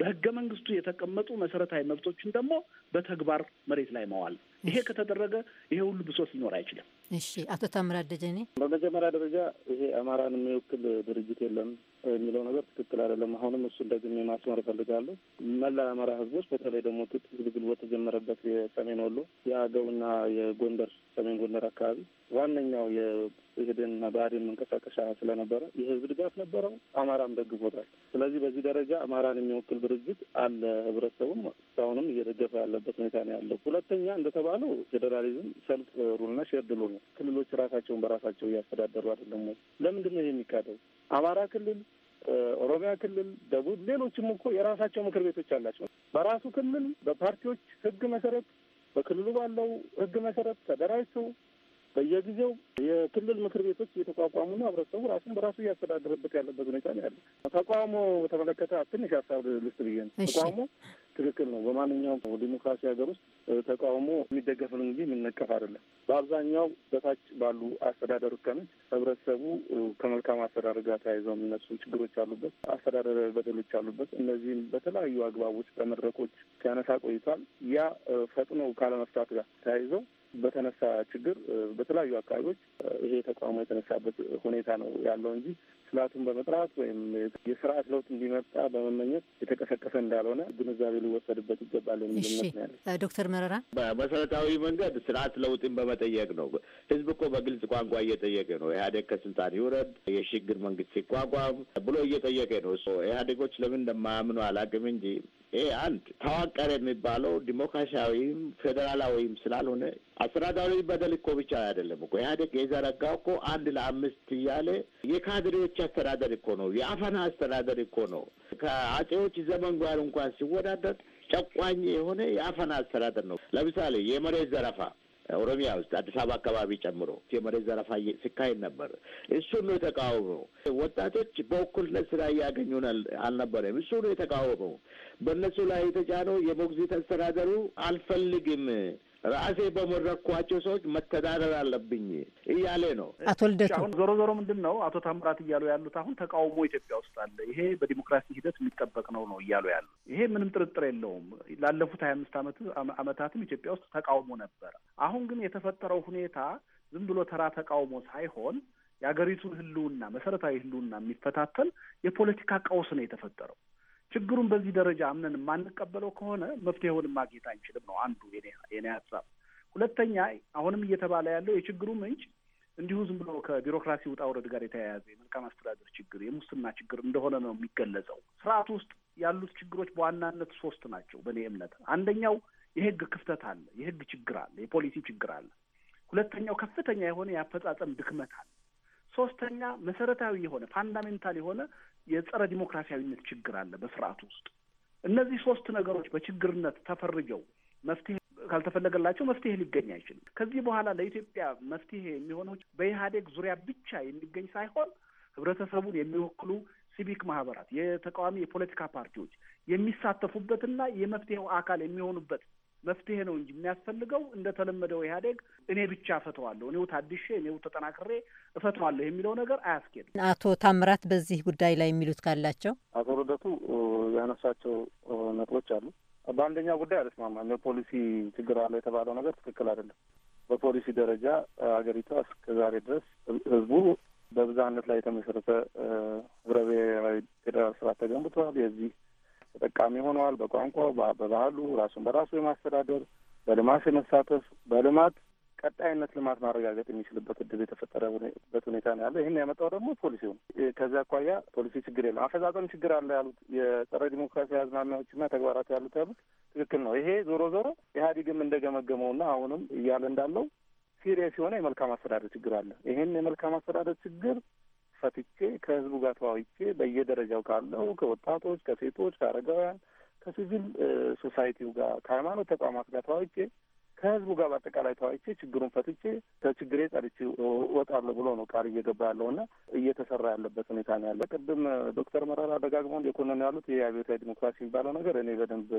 በህገ መንግስቱ የተቀመጡ መሰረታዊ መብቶችን ደግሞ በተግባር መሬት ላይ መዋል። ይሄ ከተደረገ ይሄ ሁሉ ብሶት ሊኖር አይችልም። እሺ፣ አቶ ታምራት ደጀኔ፣ በመጀመሪያ ደረጃ ይሄ አማራን የሚወክል ድርጅት የለም የሚለው ነገር ትክክል አይደለም። አሁንም እሱ እንደዚህ ማስመር እፈልጋለሁ። መላ ህዝቦች በተለይ ደግሞ ትጥቅ ትግል በተጀመረበት የሰሜን ወሎ የአገውና የጎንደር ሰሜን ጎንደር አካባቢ ዋነኛው የኢህዴንና ብአዴን መንቀሳቀሻ ስለነበረ የህዝብ ድጋፍ ነበረው። አማራም ደግፎታል። ስለዚህ በዚህ ደረጃ አማራን የሚወክል ድርጅት አለ። ህብረተሰቡም እስካሁንም እየደገፈ ያለበት ሁኔታ ነው ያለው። ሁለተኛ እንደተባለው ፌዴራሊዝም ሰልፍ ሩልና ሼርድ ሩል ነው። ክልሎች ራሳቸውን በራሳቸው እያስተዳደሩ አይደለም ወይ? ለምንድን ነው ይሄ አማራ ክልል ኦሮሚያ ክልል፣ ደቡብ፣ ሌሎችም እኮ የራሳቸው ምክር ቤቶች አላቸው። በራሱ ክልል በፓርቲዎች ህግ መሰረት በክልሉ ባለው ህግ መሰረት ተደራጅቶ በየጊዜው የክልል ምክር ቤቶች እየተቋቋሙ ነው። ህብረተሰቡ ራሱን በራሱ እያስተዳደረበት ያለበት ሁኔታ ነው ያለ። ተቃውሞ በተመለከተ ትንሽ ሀሳብ ልስጥ ብዬ ነው። ተቃውሞ ትክክል ነው። በማንኛውም ዲሞክራሲ ሀገር ውስጥ ተቃውሞ የሚደገፍ ነው እንጂ የሚነቀፍ አይደለም። በአብዛኛው በታች ባሉ አስተዳደር እርከኖች ህብረተሰቡ ከመልካም አስተዳደር ጋር ተያይዘው የሚነሱ ችግሮች አሉበት፣ አስተዳደር በደሎች አሉበት። እነዚህም በተለያዩ አግባቦች በመድረኮች ሲያነሳ ቆይቷል። ያ ፈጥኖ ካለመፍታት ጋር ተያይዘው በተነሳ ችግር በተለያዩ አካባቢዎች ይሄ ተቃውሞ የተነሳበት ሁኔታ ነው ያለው እንጂ ስርዓቱን በመጥራት ወይም የስርዓት ለውጥ እንዲመጣ በመመኘት የተቀሰቀሰ እንዳልሆነ ግንዛቤ ሊወሰድበት ይገባል የሚል እምነት ነው ያለ ዶክተር መረራ። በመሰረታዊ መንገድ ስርዓት ለውጥን በመጠየቅ ነው። ህዝብ እኮ በግልጽ ቋንቋ እየጠየቀ ነው። ኢህአዴግ ከስልጣን ይውረድ፣ የሽግግር መንግስት ሲቋቋም ብሎ እየጠየቀ ነው። ኢህአዴጎች ለምን እንደማያምኑ አላውቅም እንጂ ይሄ አንድ ተዋቀረ የሚባለው ዲሞክራሲያዊም ፌዴራላዊም ስላልሆነ አስተዳዳሪ በደል እኮ ብቻ አይደለም እኮ ኢህአዴግ የዘረጋው እኮ አንድ ለአምስት እያለ የካድሬዎች አስተዳደር እኮ ነው። የአፈና አስተዳደር እኮ ነው። ከአጼዎች ዘመን ጋር እንኳን ሲወዳደር ጨቋኝ የሆነ የአፈና አስተዳደር ነው። ለምሳሌ የመሬት ዘረፋ ኦሮሚያ ውስጥ አዲስ አበባ አካባቢ ጨምሮ የመሬት ዘረፋ ሲካሄድ ነበር። እሱን ነው የተቃወመው። ወጣቶች በእኩልነት ስራ እያገኙ አልነበረም። እሱ ነው የተቃወመው። በእነሱ ላይ የተጫነው የሞግዚት አስተዳደሩ አልፈልግም ራሴ በመረኳቸው ሰዎች መተዳደር አለብኝ እያሌ ነው አቶ ልደቱ። አሁን ዞሮ ዞሮ ምንድን ነው አቶ ታምራት እያሉ ያሉት አሁን ተቃውሞ ኢትዮጵያ ውስጥ አለ፣ ይሄ በዲሞክራሲ ሂደት የሚጠበቅ ነው ነው እያሉ ያሉ። ይሄ ምንም ጥርጥር የለውም። ላለፉት ሀያ አምስት አመት አመታትም ኢትዮጵያ ውስጥ ተቃውሞ ነበረ። አሁን ግን የተፈጠረው ሁኔታ ዝም ብሎ ተራ ተቃውሞ ሳይሆን የሀገሪቱን ህልውና መሰረታዊ ህልውና የሚፈታተን የፖለቲካ ቀውስ ነው የተፈጠረው። ችግሩን በዚህ ደረጃ አምነን የማንቀበለው ከሆነ መፍትሄውን ማግኘት አንችልም ነው አንዱ የኔ ሀሳብ። ሁለተኛ አሁንም እየተባለ ያለው የችግሩ ምንጭ እንዲሁ ዝም ብሎ ከቢሮክራሲ ውጣ ውረድ ጋር የተያያዘ የመልካም አስተዳደር ችግር፣ የሙስና ችግር እንደሆነ ነው የሚገለጸው። ስርዓት ውስጥ ያሉት ችግሮች በዋናነት ሶስት ናቸው በእኔ እምነት። አንደኛው የህግ ክፍተት አለ፣ የህግ ችግር አለ፣ የፖሊሲ ችግር አለ። ሁለተኛው ከፍተኛ የሆነ የአፈጻጸም ድክመት አለ። ሶስተኛ መሰረታዊ የሆነ ፋንዳሜንታል የሆነ የጸረ ዲሞክራሲያዊነት ችግር አለ በስርዓቱ ውስጥ። እነዚህ ሶስት ነገሮች በችግርነት ተፈርጀው መፍትሄ ካልተፈለገላቸው መፍትሄ ሊገኝ አይችልም። ከዚህ በኋላ ለኢትዮጵያ መፍትሄ የሚሆነው በኢህአዴግ ዙሪያ ብቻ የሚገኝ ሳይሆን ህብረተሰቡን የሚወክሉ ሲቪክ ማህበራት፣ የተቃዋሚ የፖለቲካ ፓርቲዎች የሚሳተፉበትና የመፍትሄው አካል የሚሆኑበት መፍትሄ ነው እንጂ የሚያስፈልገው እንደተለመደው ኢህአዴግ እኔ ብቻ እፈተዋለሁ፣ እኔው ታድሼ፣ እኔው ተጠናክሬ እፈተዋለሁ የሚለው ነገር አያስኬድም። አቶ ታምራት በዚህ ጉዳይ ላይ የሚሉት ካላቸው። አቶ ልደቱ ያነሳቸው ነጥቦች አሉ። በአንደኛው ጉዳይ አልስማማም። የፖሊሲ ችግር አለ የተባለው ነገር ትክክል አይደለም። በፖሊሲ ደረጃ ሀገሪቷ እስከ ዛሬ ድረስ ህዝቡ በብዝሃነት ላይ የተመሰረተ ህብረ ብሔራዊ ፌዴራል ስርዓት ተገንብቷል። የዚህ ተጠቃሚ ሆነዋል። በቋንቋው፣ በባህሉ ራሱን በራሱ የማስተዳደር በልማት የመሳተፍ በልማት ቀጣይነት ልማት ማረጋገጥ የሚችልበት እድል የተፈጠረበት ሁኔታ ነው ያለ። ይህን ያመጣው ደግሞ ፖሊሲው ከዚህ አኳያ ፖሊሲ ችግር የለም፣ አፈጻጸም ችግር አለ ያሉት የጸረ ዲሞክራሲ አዝማሚያዎችና ተግባራት ያሉት ያሉት ትክክል ነው። ይሄ ዞሮ ዞሮ ኢህአዴግም እንደገመገመውና አሁንም እያለ እንዳለው ሲሪየስ የሆነ የመልካም አስተዳደር ችግር አለ። ይህን የመልካም አስተዳደር ችግር ፈትቼ ከህዝቡ ጋር ተዋይቼ በየደረጃው ካለው ከወጣቶች፣ ከሴቶች፣ ከአረጋውያን፣ ከሲቪል ሶሳይቲው ጋር ከሃይማኖት ተቋማት ጋር ተዋይቼ ከህዝቡ ጋር በአጠቃላይ ተዋይቼ ችግሩን ፈትቼ ከችግሬ ጸድቼ እወጣለሁ ብሎ ነው ቃል እየገባ ያለውና እየተሰራ ያለበት ሁኔታ ነው ያለ። ቅድም ዶክተር መረራ ደጋግመው የኮነኑ ያሉት ይህ አብዮታዊ ዲሞክራሲ የሚባለው ነገር እኔ በደንብ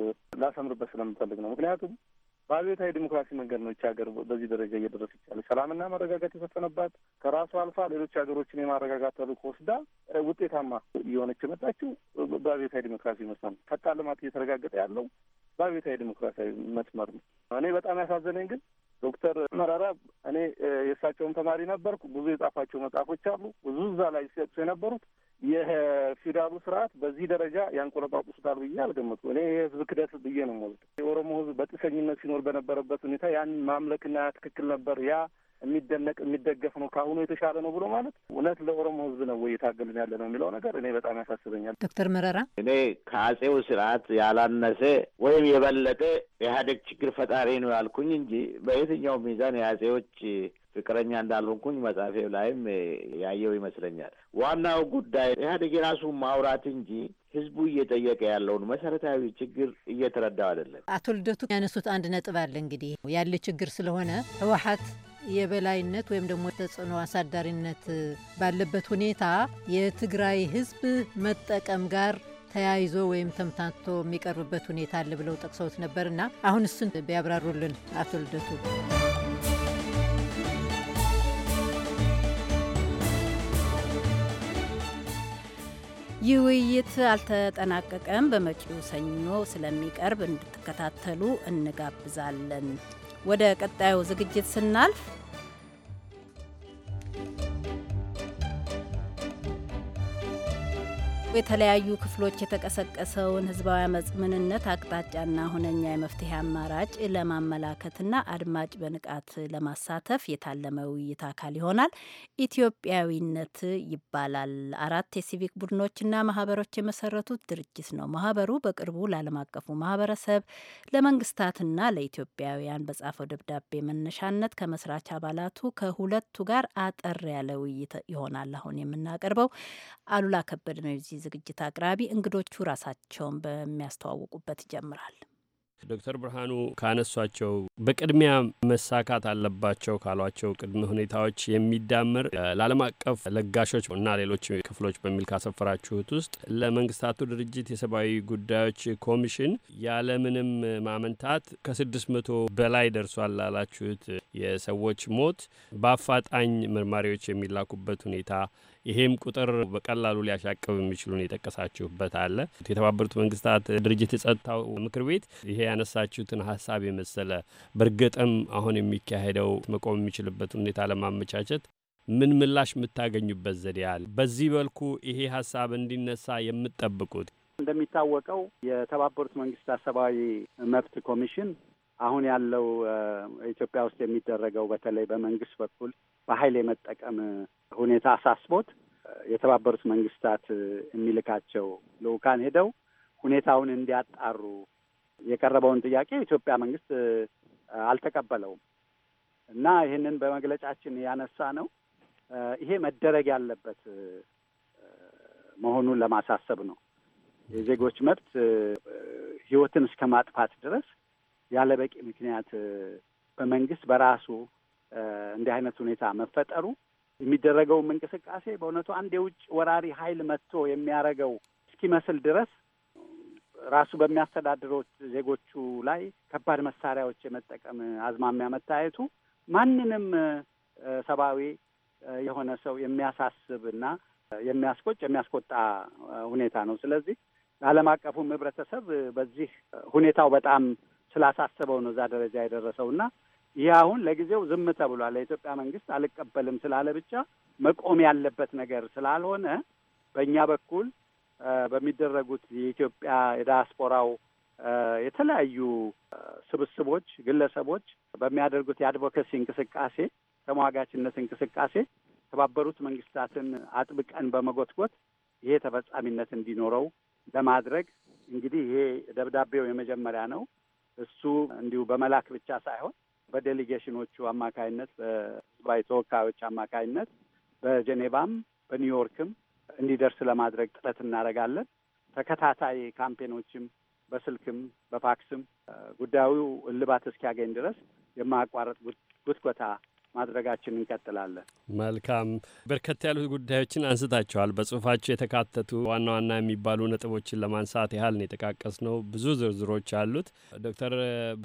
ላሰምርበት ስለምፈልግ ነው። ምክንያቱም በአብዮታዊ ዲሞክራሲ መንገድ ነው ይህች ሀገር በዚህ ደረጃ እየደረስ ያለች። ሰላምና መረጋጋት የሰፈነባት ከራሱ አልፋ ሌሎች ሀገሮችን የማረጋጋት ተልዕኮ ወስዳ ውጤታማ እየሆነች የመጣችው በአብዮታዊ ዲሞክራሲ መስመር ነው። ፈጣን ልማት እየተረጋገጠ ያለው በአብዮታዊ ዲሞክራሲያዊ መስመር ነው። እኔ በጣም ያሳዘነኝ ግን ዶክተር መረራ እኔ የእሳቸውም ተማሪ ነበርኩ። ብዙ የጻፋቸው መጽሐፎች አሉ። ብዙ እዛ ላይ ሲሰጡ የነበሩት የፊውዳሉ ስርዓት በዚህ ደረጃ ያንቆለጳቁሱታል ብዬ አልገመጥኩም። እኔ የህዝብ ክደት ብዬ ነው የምወስደው። የኦሮሞ ህዝብ በጥሰኝነት ሲኖር በነበረበት ሁኔታ ያን ማምለክና ትክክል ነበር። ያ የሚደነቅ የሚደገፍ ነው፣ ከአሁኑ የተሻለ ነው ብሎ ማለት እውነት ለኦሮሞ ህዝብ ነው ወይ የታገልን ያለ ነው የሚለው ነገር እኔ በጣም ያሳስበኛል። ዶክተር መረራ እኔ ከአጼው ስርዓት ያላነሰ ወይም የበለጠ ኢህአዴግ ችግር ፈጣሪ ነው ያልኩኝ እንጂ በየትኛው ሚዛን የአጼዎች ፍቅረኛ እንዳልሆንኩኝ መጽሐፌ ላይም ያየው ይመስለኛል። ዋናው ጉዳይ ኢህአዴግ የራሱ ማውራት እንጂ ህዝቡ እየጠየቀ ያለውን መሰረታዊ ችግር እየተረዳው አይደለም። አቶ ልደቱ ያነሱት አንድ ነጥብ አለ። እንግዲህ ያለ ችግር ስለሆነ ህወሀት የበላይነት ወይም ደግሞ ተጽዕኖ አሳዳሪነት ባለበት ሁኔታ የትግራይ ህዝብ መጠቀም ጋር ተያይዞ ወይም ተምታቶ የሚቀርብበት ሁኔታ አለ ብለው ጠቅሰውት ነበርና አሁን እሱን ቢያብራሩልን አቶ ልደቱ። ይህ ውይይት አልተጠናቀቀም። በመጪው ሰኞ ስለሚቀርብ እንድትከታተሉ እንጋብዛለን። ወደ ቀጣዩ ዝግጅት ስናልፍ የተለያዩ ክፍሎች የተቀሰቀሰውን ህዝባዊ አመፅ ምንነት አቅጣጫና ሁነኛ የመፍትሄ አማራጭ ለማመላከትና አድማጭ በንቃት ለማሳተፍ የታለመ ውይይት አካል ይሆናል። ኢትዮጵያዊነት ይባላል። አራት የሲቪክ ቡድኖችና ማህበሮች የመሰረቱት ድርጅት ነው። ማህበሩ በቅርቡ ለዓለም አቀፉ ማህበረሰብ ለመንግስታትና ለኢትዮጵያውያን በጻፈው ደብዳቤ መነሻነት ከመስራች አባላቱ ከሁለቱ ጋር አጠር ያለ ውይይት ይሆናል። አሁን የምናቀርበው አሉላ ከበድ ነው። ዝግጅት አቅራቢ እንግዶቹ ራሳቸውን በሚያስተዋውቁበት ይጀምራል። ዶክተር ብርሃኑ ካነሷቸው በቅድሚያ መሳካት አለባቸው ካሏቸው ቅድመ ሁኔታዎች የሚዳምር ለዓለም አቀፍ ለጋሾች እና ሌሎች ክፍሎች በሚል ካሰፈራችሁት ውስጥ ለመንግስታቱ ድርጅት የሰብአዊ ጉዳዮች ኮሚሽን ያለምንም ማመንታት ከስድስት መቶ በላይ ደርሷል ላላችሁት የሰዎች ሞት በአፋጣኝ መርማሪዎች የሚላኩበት ሁኔታ ይሄም ቁጥር በቀላሉ ሊያሻቅብ የሚችሉን የጠቀሳችሁበት አለ። የተባበሩት መንግስታት ድርጅት የጸጥታው ምክር ቤት ይሄ ያነሳችሁትን ሀሳብ የመሰለ በእርግጥም አሁን የሚካሄደው መቆም የሚችልበት ሁኔታ ለማመቻቸት ምን ምላሽ የምታገኙበት ዘዴ አለ? በዚህ በልኩ ይሄ ሀሳብ እንዲነሳ የምትጠብቁት? እንደሚታወቀው የተባበሩት መንግስታት ሰብአዊ መብት ኮሚሽን አሁን ያለው ኢትዮጵያ ውስጥ የሚደረገው በተለይ በመንግስት በኩል በኃይል የመጠቀም ሁኔታ አሳስቦት የተባበሩት መንግስታት የሚልካቸው ልዑካን ሄደው ሁኔታውን እንዲያጣሩ የቀረበውን ጥያቄ የኢትዮጵያ መንግስት አልተቀበለውም እና ይህንን በመግለጫችን ያነሳ ነው። ይሄ መደረግ ያለበት መሆኑን ለማሳሰብ ነው። የዜጎች መብት ህይወትን እስከ ማጥፋት ድረስ ያለ በቂ ምክንያት በመንግስት በራሱ እንዲህ አይነት ሁኔታ መፈጠሩ የሚደረገውም እንቅስቃሴ በእውነቱ አንድ የውጭ ወራሪ ኃይል መጥቶ የሚያደርገው እስኪመስል ድረስ ራሱ በሚያስተዳድሮች ዜጎቹ ላይ ከባድ መሳሪያዎች የመጠቀም አዝማሚያ መታየቱ ማንንም ሰብአዊ የሆነ ሰው የሚያሳስብ እና የሚያስቆጭ የሚያስቆጣ ሁኔታ ነው። ስለዚህ ዓለም አቀፉም ህብረተሰብ በዚህ ሁኔታው በጣም ስላሳሰበው ነው እዛ ደረጃ የደረሰው እና ይህ አሁን ለጊዜው ዝም ተብሏል። ለኢትዮጵያ መንግስት አልቀበልም ስላለ ብቻ መቆም ያለበት ነገር ስላልሆነ በእኛ በኩል በሚደረጉት የኢትዮጵያ የዳያስፖራው የተለያዩ ስብስቦች፣ ግለሰቦች በሚያደርጉት የአድቮኬሲ እንቅስቃሴ፣ ተሟጋችነት እንቅስቃሴ የተባበሩት መንግስታትን አጥብቀን በመጎትጎት ይሄ ተፈጻሚነት እንዲኖረው ለማድረግ እንግዲህ ይሄ ደብዳቤው የመጀመሪያ ነው። እሱ እንዲሁ በመላክ ብቻ ሳይሆን በዴሊጌሽኖቹ አማካይነት በህዝባዊ ተወካዮች አማካይነት በጀኔቫም በኒውዮርክም እንዲደርስ ለማድረግ ጥረት እናደርጋለን። ተከታታይ ካምፔኖችም በስልክም በፋክስም ጉዳዩ እልባት እስኪያገኝ ድረስ የማያቋረጥ ጉትጎታ ማድረጋችን እንቀጥላለን። መልካም። በርከት ያሉ ጉዳዮችን አንስታቸዋል በጽሁፋቸው የተካተቱ ዋና ዋና የሚባሉ ነጥቦችን ለማንሳት ያህል ነው የጠቃቀስ ነው። ብዙ ዝርዝሮች አሉት። ዶክተር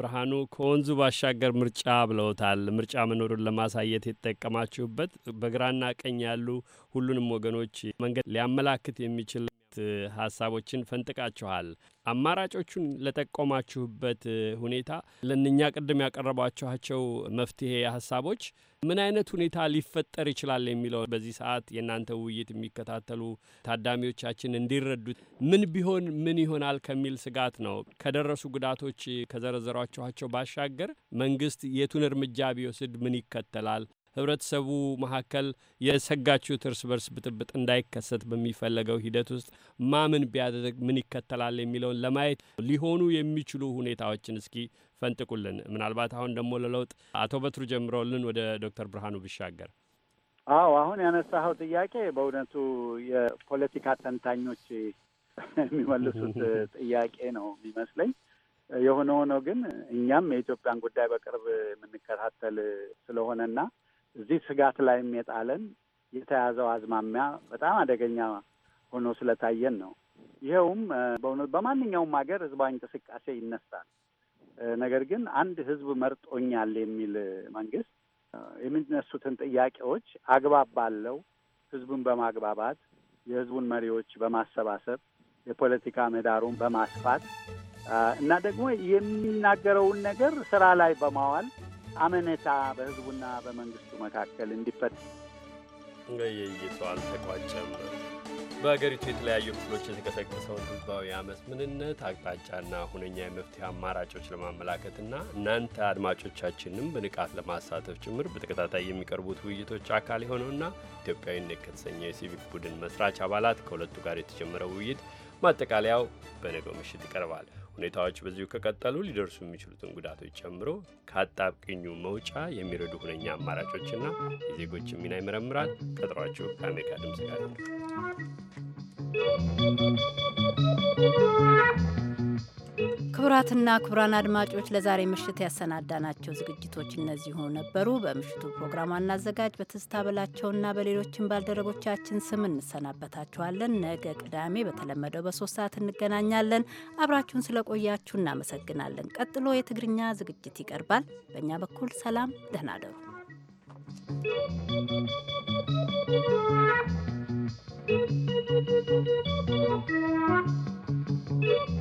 ብርሃኑ ከወንዙ ባሻገር ምርጫ ብለውታል። ምርጫ መኖሩን ለማሳየት የተጠቀማችሁበት በግራና ቀኝ ያሉ ሁሉንም ወገኖች መንገድ ሊያመላክት የሚችል ሀሳቦችን ፈንጥቃችኋል። አማራጮቹን ለጠቆማችሁበት ሁኔታ ለእነኛ ቅድም ያቀረቧችኋቸው መፍትሄ ሀሳቦች ምን አይነት ሁኔታ ሊፈጠር ይችላል የሚለው በዚህ ሰዓት የእናንተ ውይይት የሚከታተሉ ታዳሚዎቻችን እንዲረዱት ምን ቢሆን ምን ይሆናል ከሚል ስጋት ነው። ከደረሱ ጉዳቶች ከዘረዘሯችኋቸው ባሻገር መንግስት የቱን እርምጃ ቢወስድ ምን ይከተላል? ህብረተሰቡ መካከል የሰጋችሁት እርስ በርስ ብጥብጥ እንዳይከሰት በሚፈለገው ሂደት ውስጥ ማምን ቢያደርግ ምን ይከተላል የሚለውን ለማየት ሊሆኑ የሚችሉ ሁኔታዎችን እስኪ ፈንጥቁልን። ምናልባት አሁን ደግሞ ለለውጥ አቶ በትሩ ጀምረውልን ወደ ዶክተር ብርሃኑ ብሻገር አዎ አሁን ያነሳኸው ጥያቄ በእውነቱ የፖለቲካ ተንታኞች የሚመልሱት ጥያቄ ነው የሚመስለኝ። የሆነ ሆኖ ግን እኛም የኢትዮጵያን ጉዳይ በቅርብ የምንከታተል ስለሆነና እዚህ ስጋት ላይም የጣለን የተያዘው አዝማሚያ በጣም አደገኛ ሆኖ ስለታየን ነው። ይኸውም በእውነት በማንኛውም ሀገር ህዝባዊ እንቅስቃሴ ይነሳል። ነገር ግን አንድ ህዝብ መርጦኛል የሚል መንግስት የሚነሱትን ጥያቄዎች አግባብ ባለው ህዝቡን በማግባባት የህዝቡን መሪዎች በማሰባሰብ የፖለቲካ ምህዳሩን በማስፋት እና ደግሞ የሚናገረውን ነገር ስራ ላይ በማዋል አመኔታ በህዝቡና በመንግስቱ መካከል እንዲፈት ውይይቱ አልተቋጨም። በአገሪቱ የተለያዩ ክፍሎች የተቀሰቀሰውን ህዝባዊ አመፅ ምንነት፣ አቅጣጫና ሁነኛ የመፍትሄ አማራጮች ለማመላከትና እናንተ አድማጮቻችንም በንቃት ለማሳተፍ ጭምር በተከታታይ የሚቀርቡት ውይይቶች አካል የሆነውና ኢትዮጵያዊነት ከተሰኘው የሲቪክ ቡድን መስራች አባላት ከሁለቱ ጋር የተጀመረው ውይይት ማጠቃለያው በነገው ምሽት ይቀርባል። ሁኔታዎች በዚሁ ከቀጠሉ ሊደርሱ የሚችሉትን ጉዳቶች ጨምሮ ከአጣብቅኙ መውጫ የሚረዱ ሁነኛ አማራጮችና የዜጎች ሚና ይመረምራል። ቀጥሯቸው ከአሜሪካ ድምጽ ጋር ክቡራትና ክቡራን አድማጮች ለዛሬ ምሽት ያሰናዳናቸው ዝግጅቶች እነዚሁ ነበሩ። በምሽቱ ፕሮግራም አናዘጋጅ በትዝታ በላቸውና በሌሎችን ባልደረቦቻችን ስም እንሰናበታችኋለን። ነገ ቅዳሜ በተለመደው በሶስት ሰዓት እንገናኛለን። አብራችሁን ስለቆያችሁ እናመሰግናለን። ቀጥሎ የትግርኛ ዝግጅት ይቀርባል። በእኛ በኩል ሰላም፣ ደህና ደሩ። Thank you.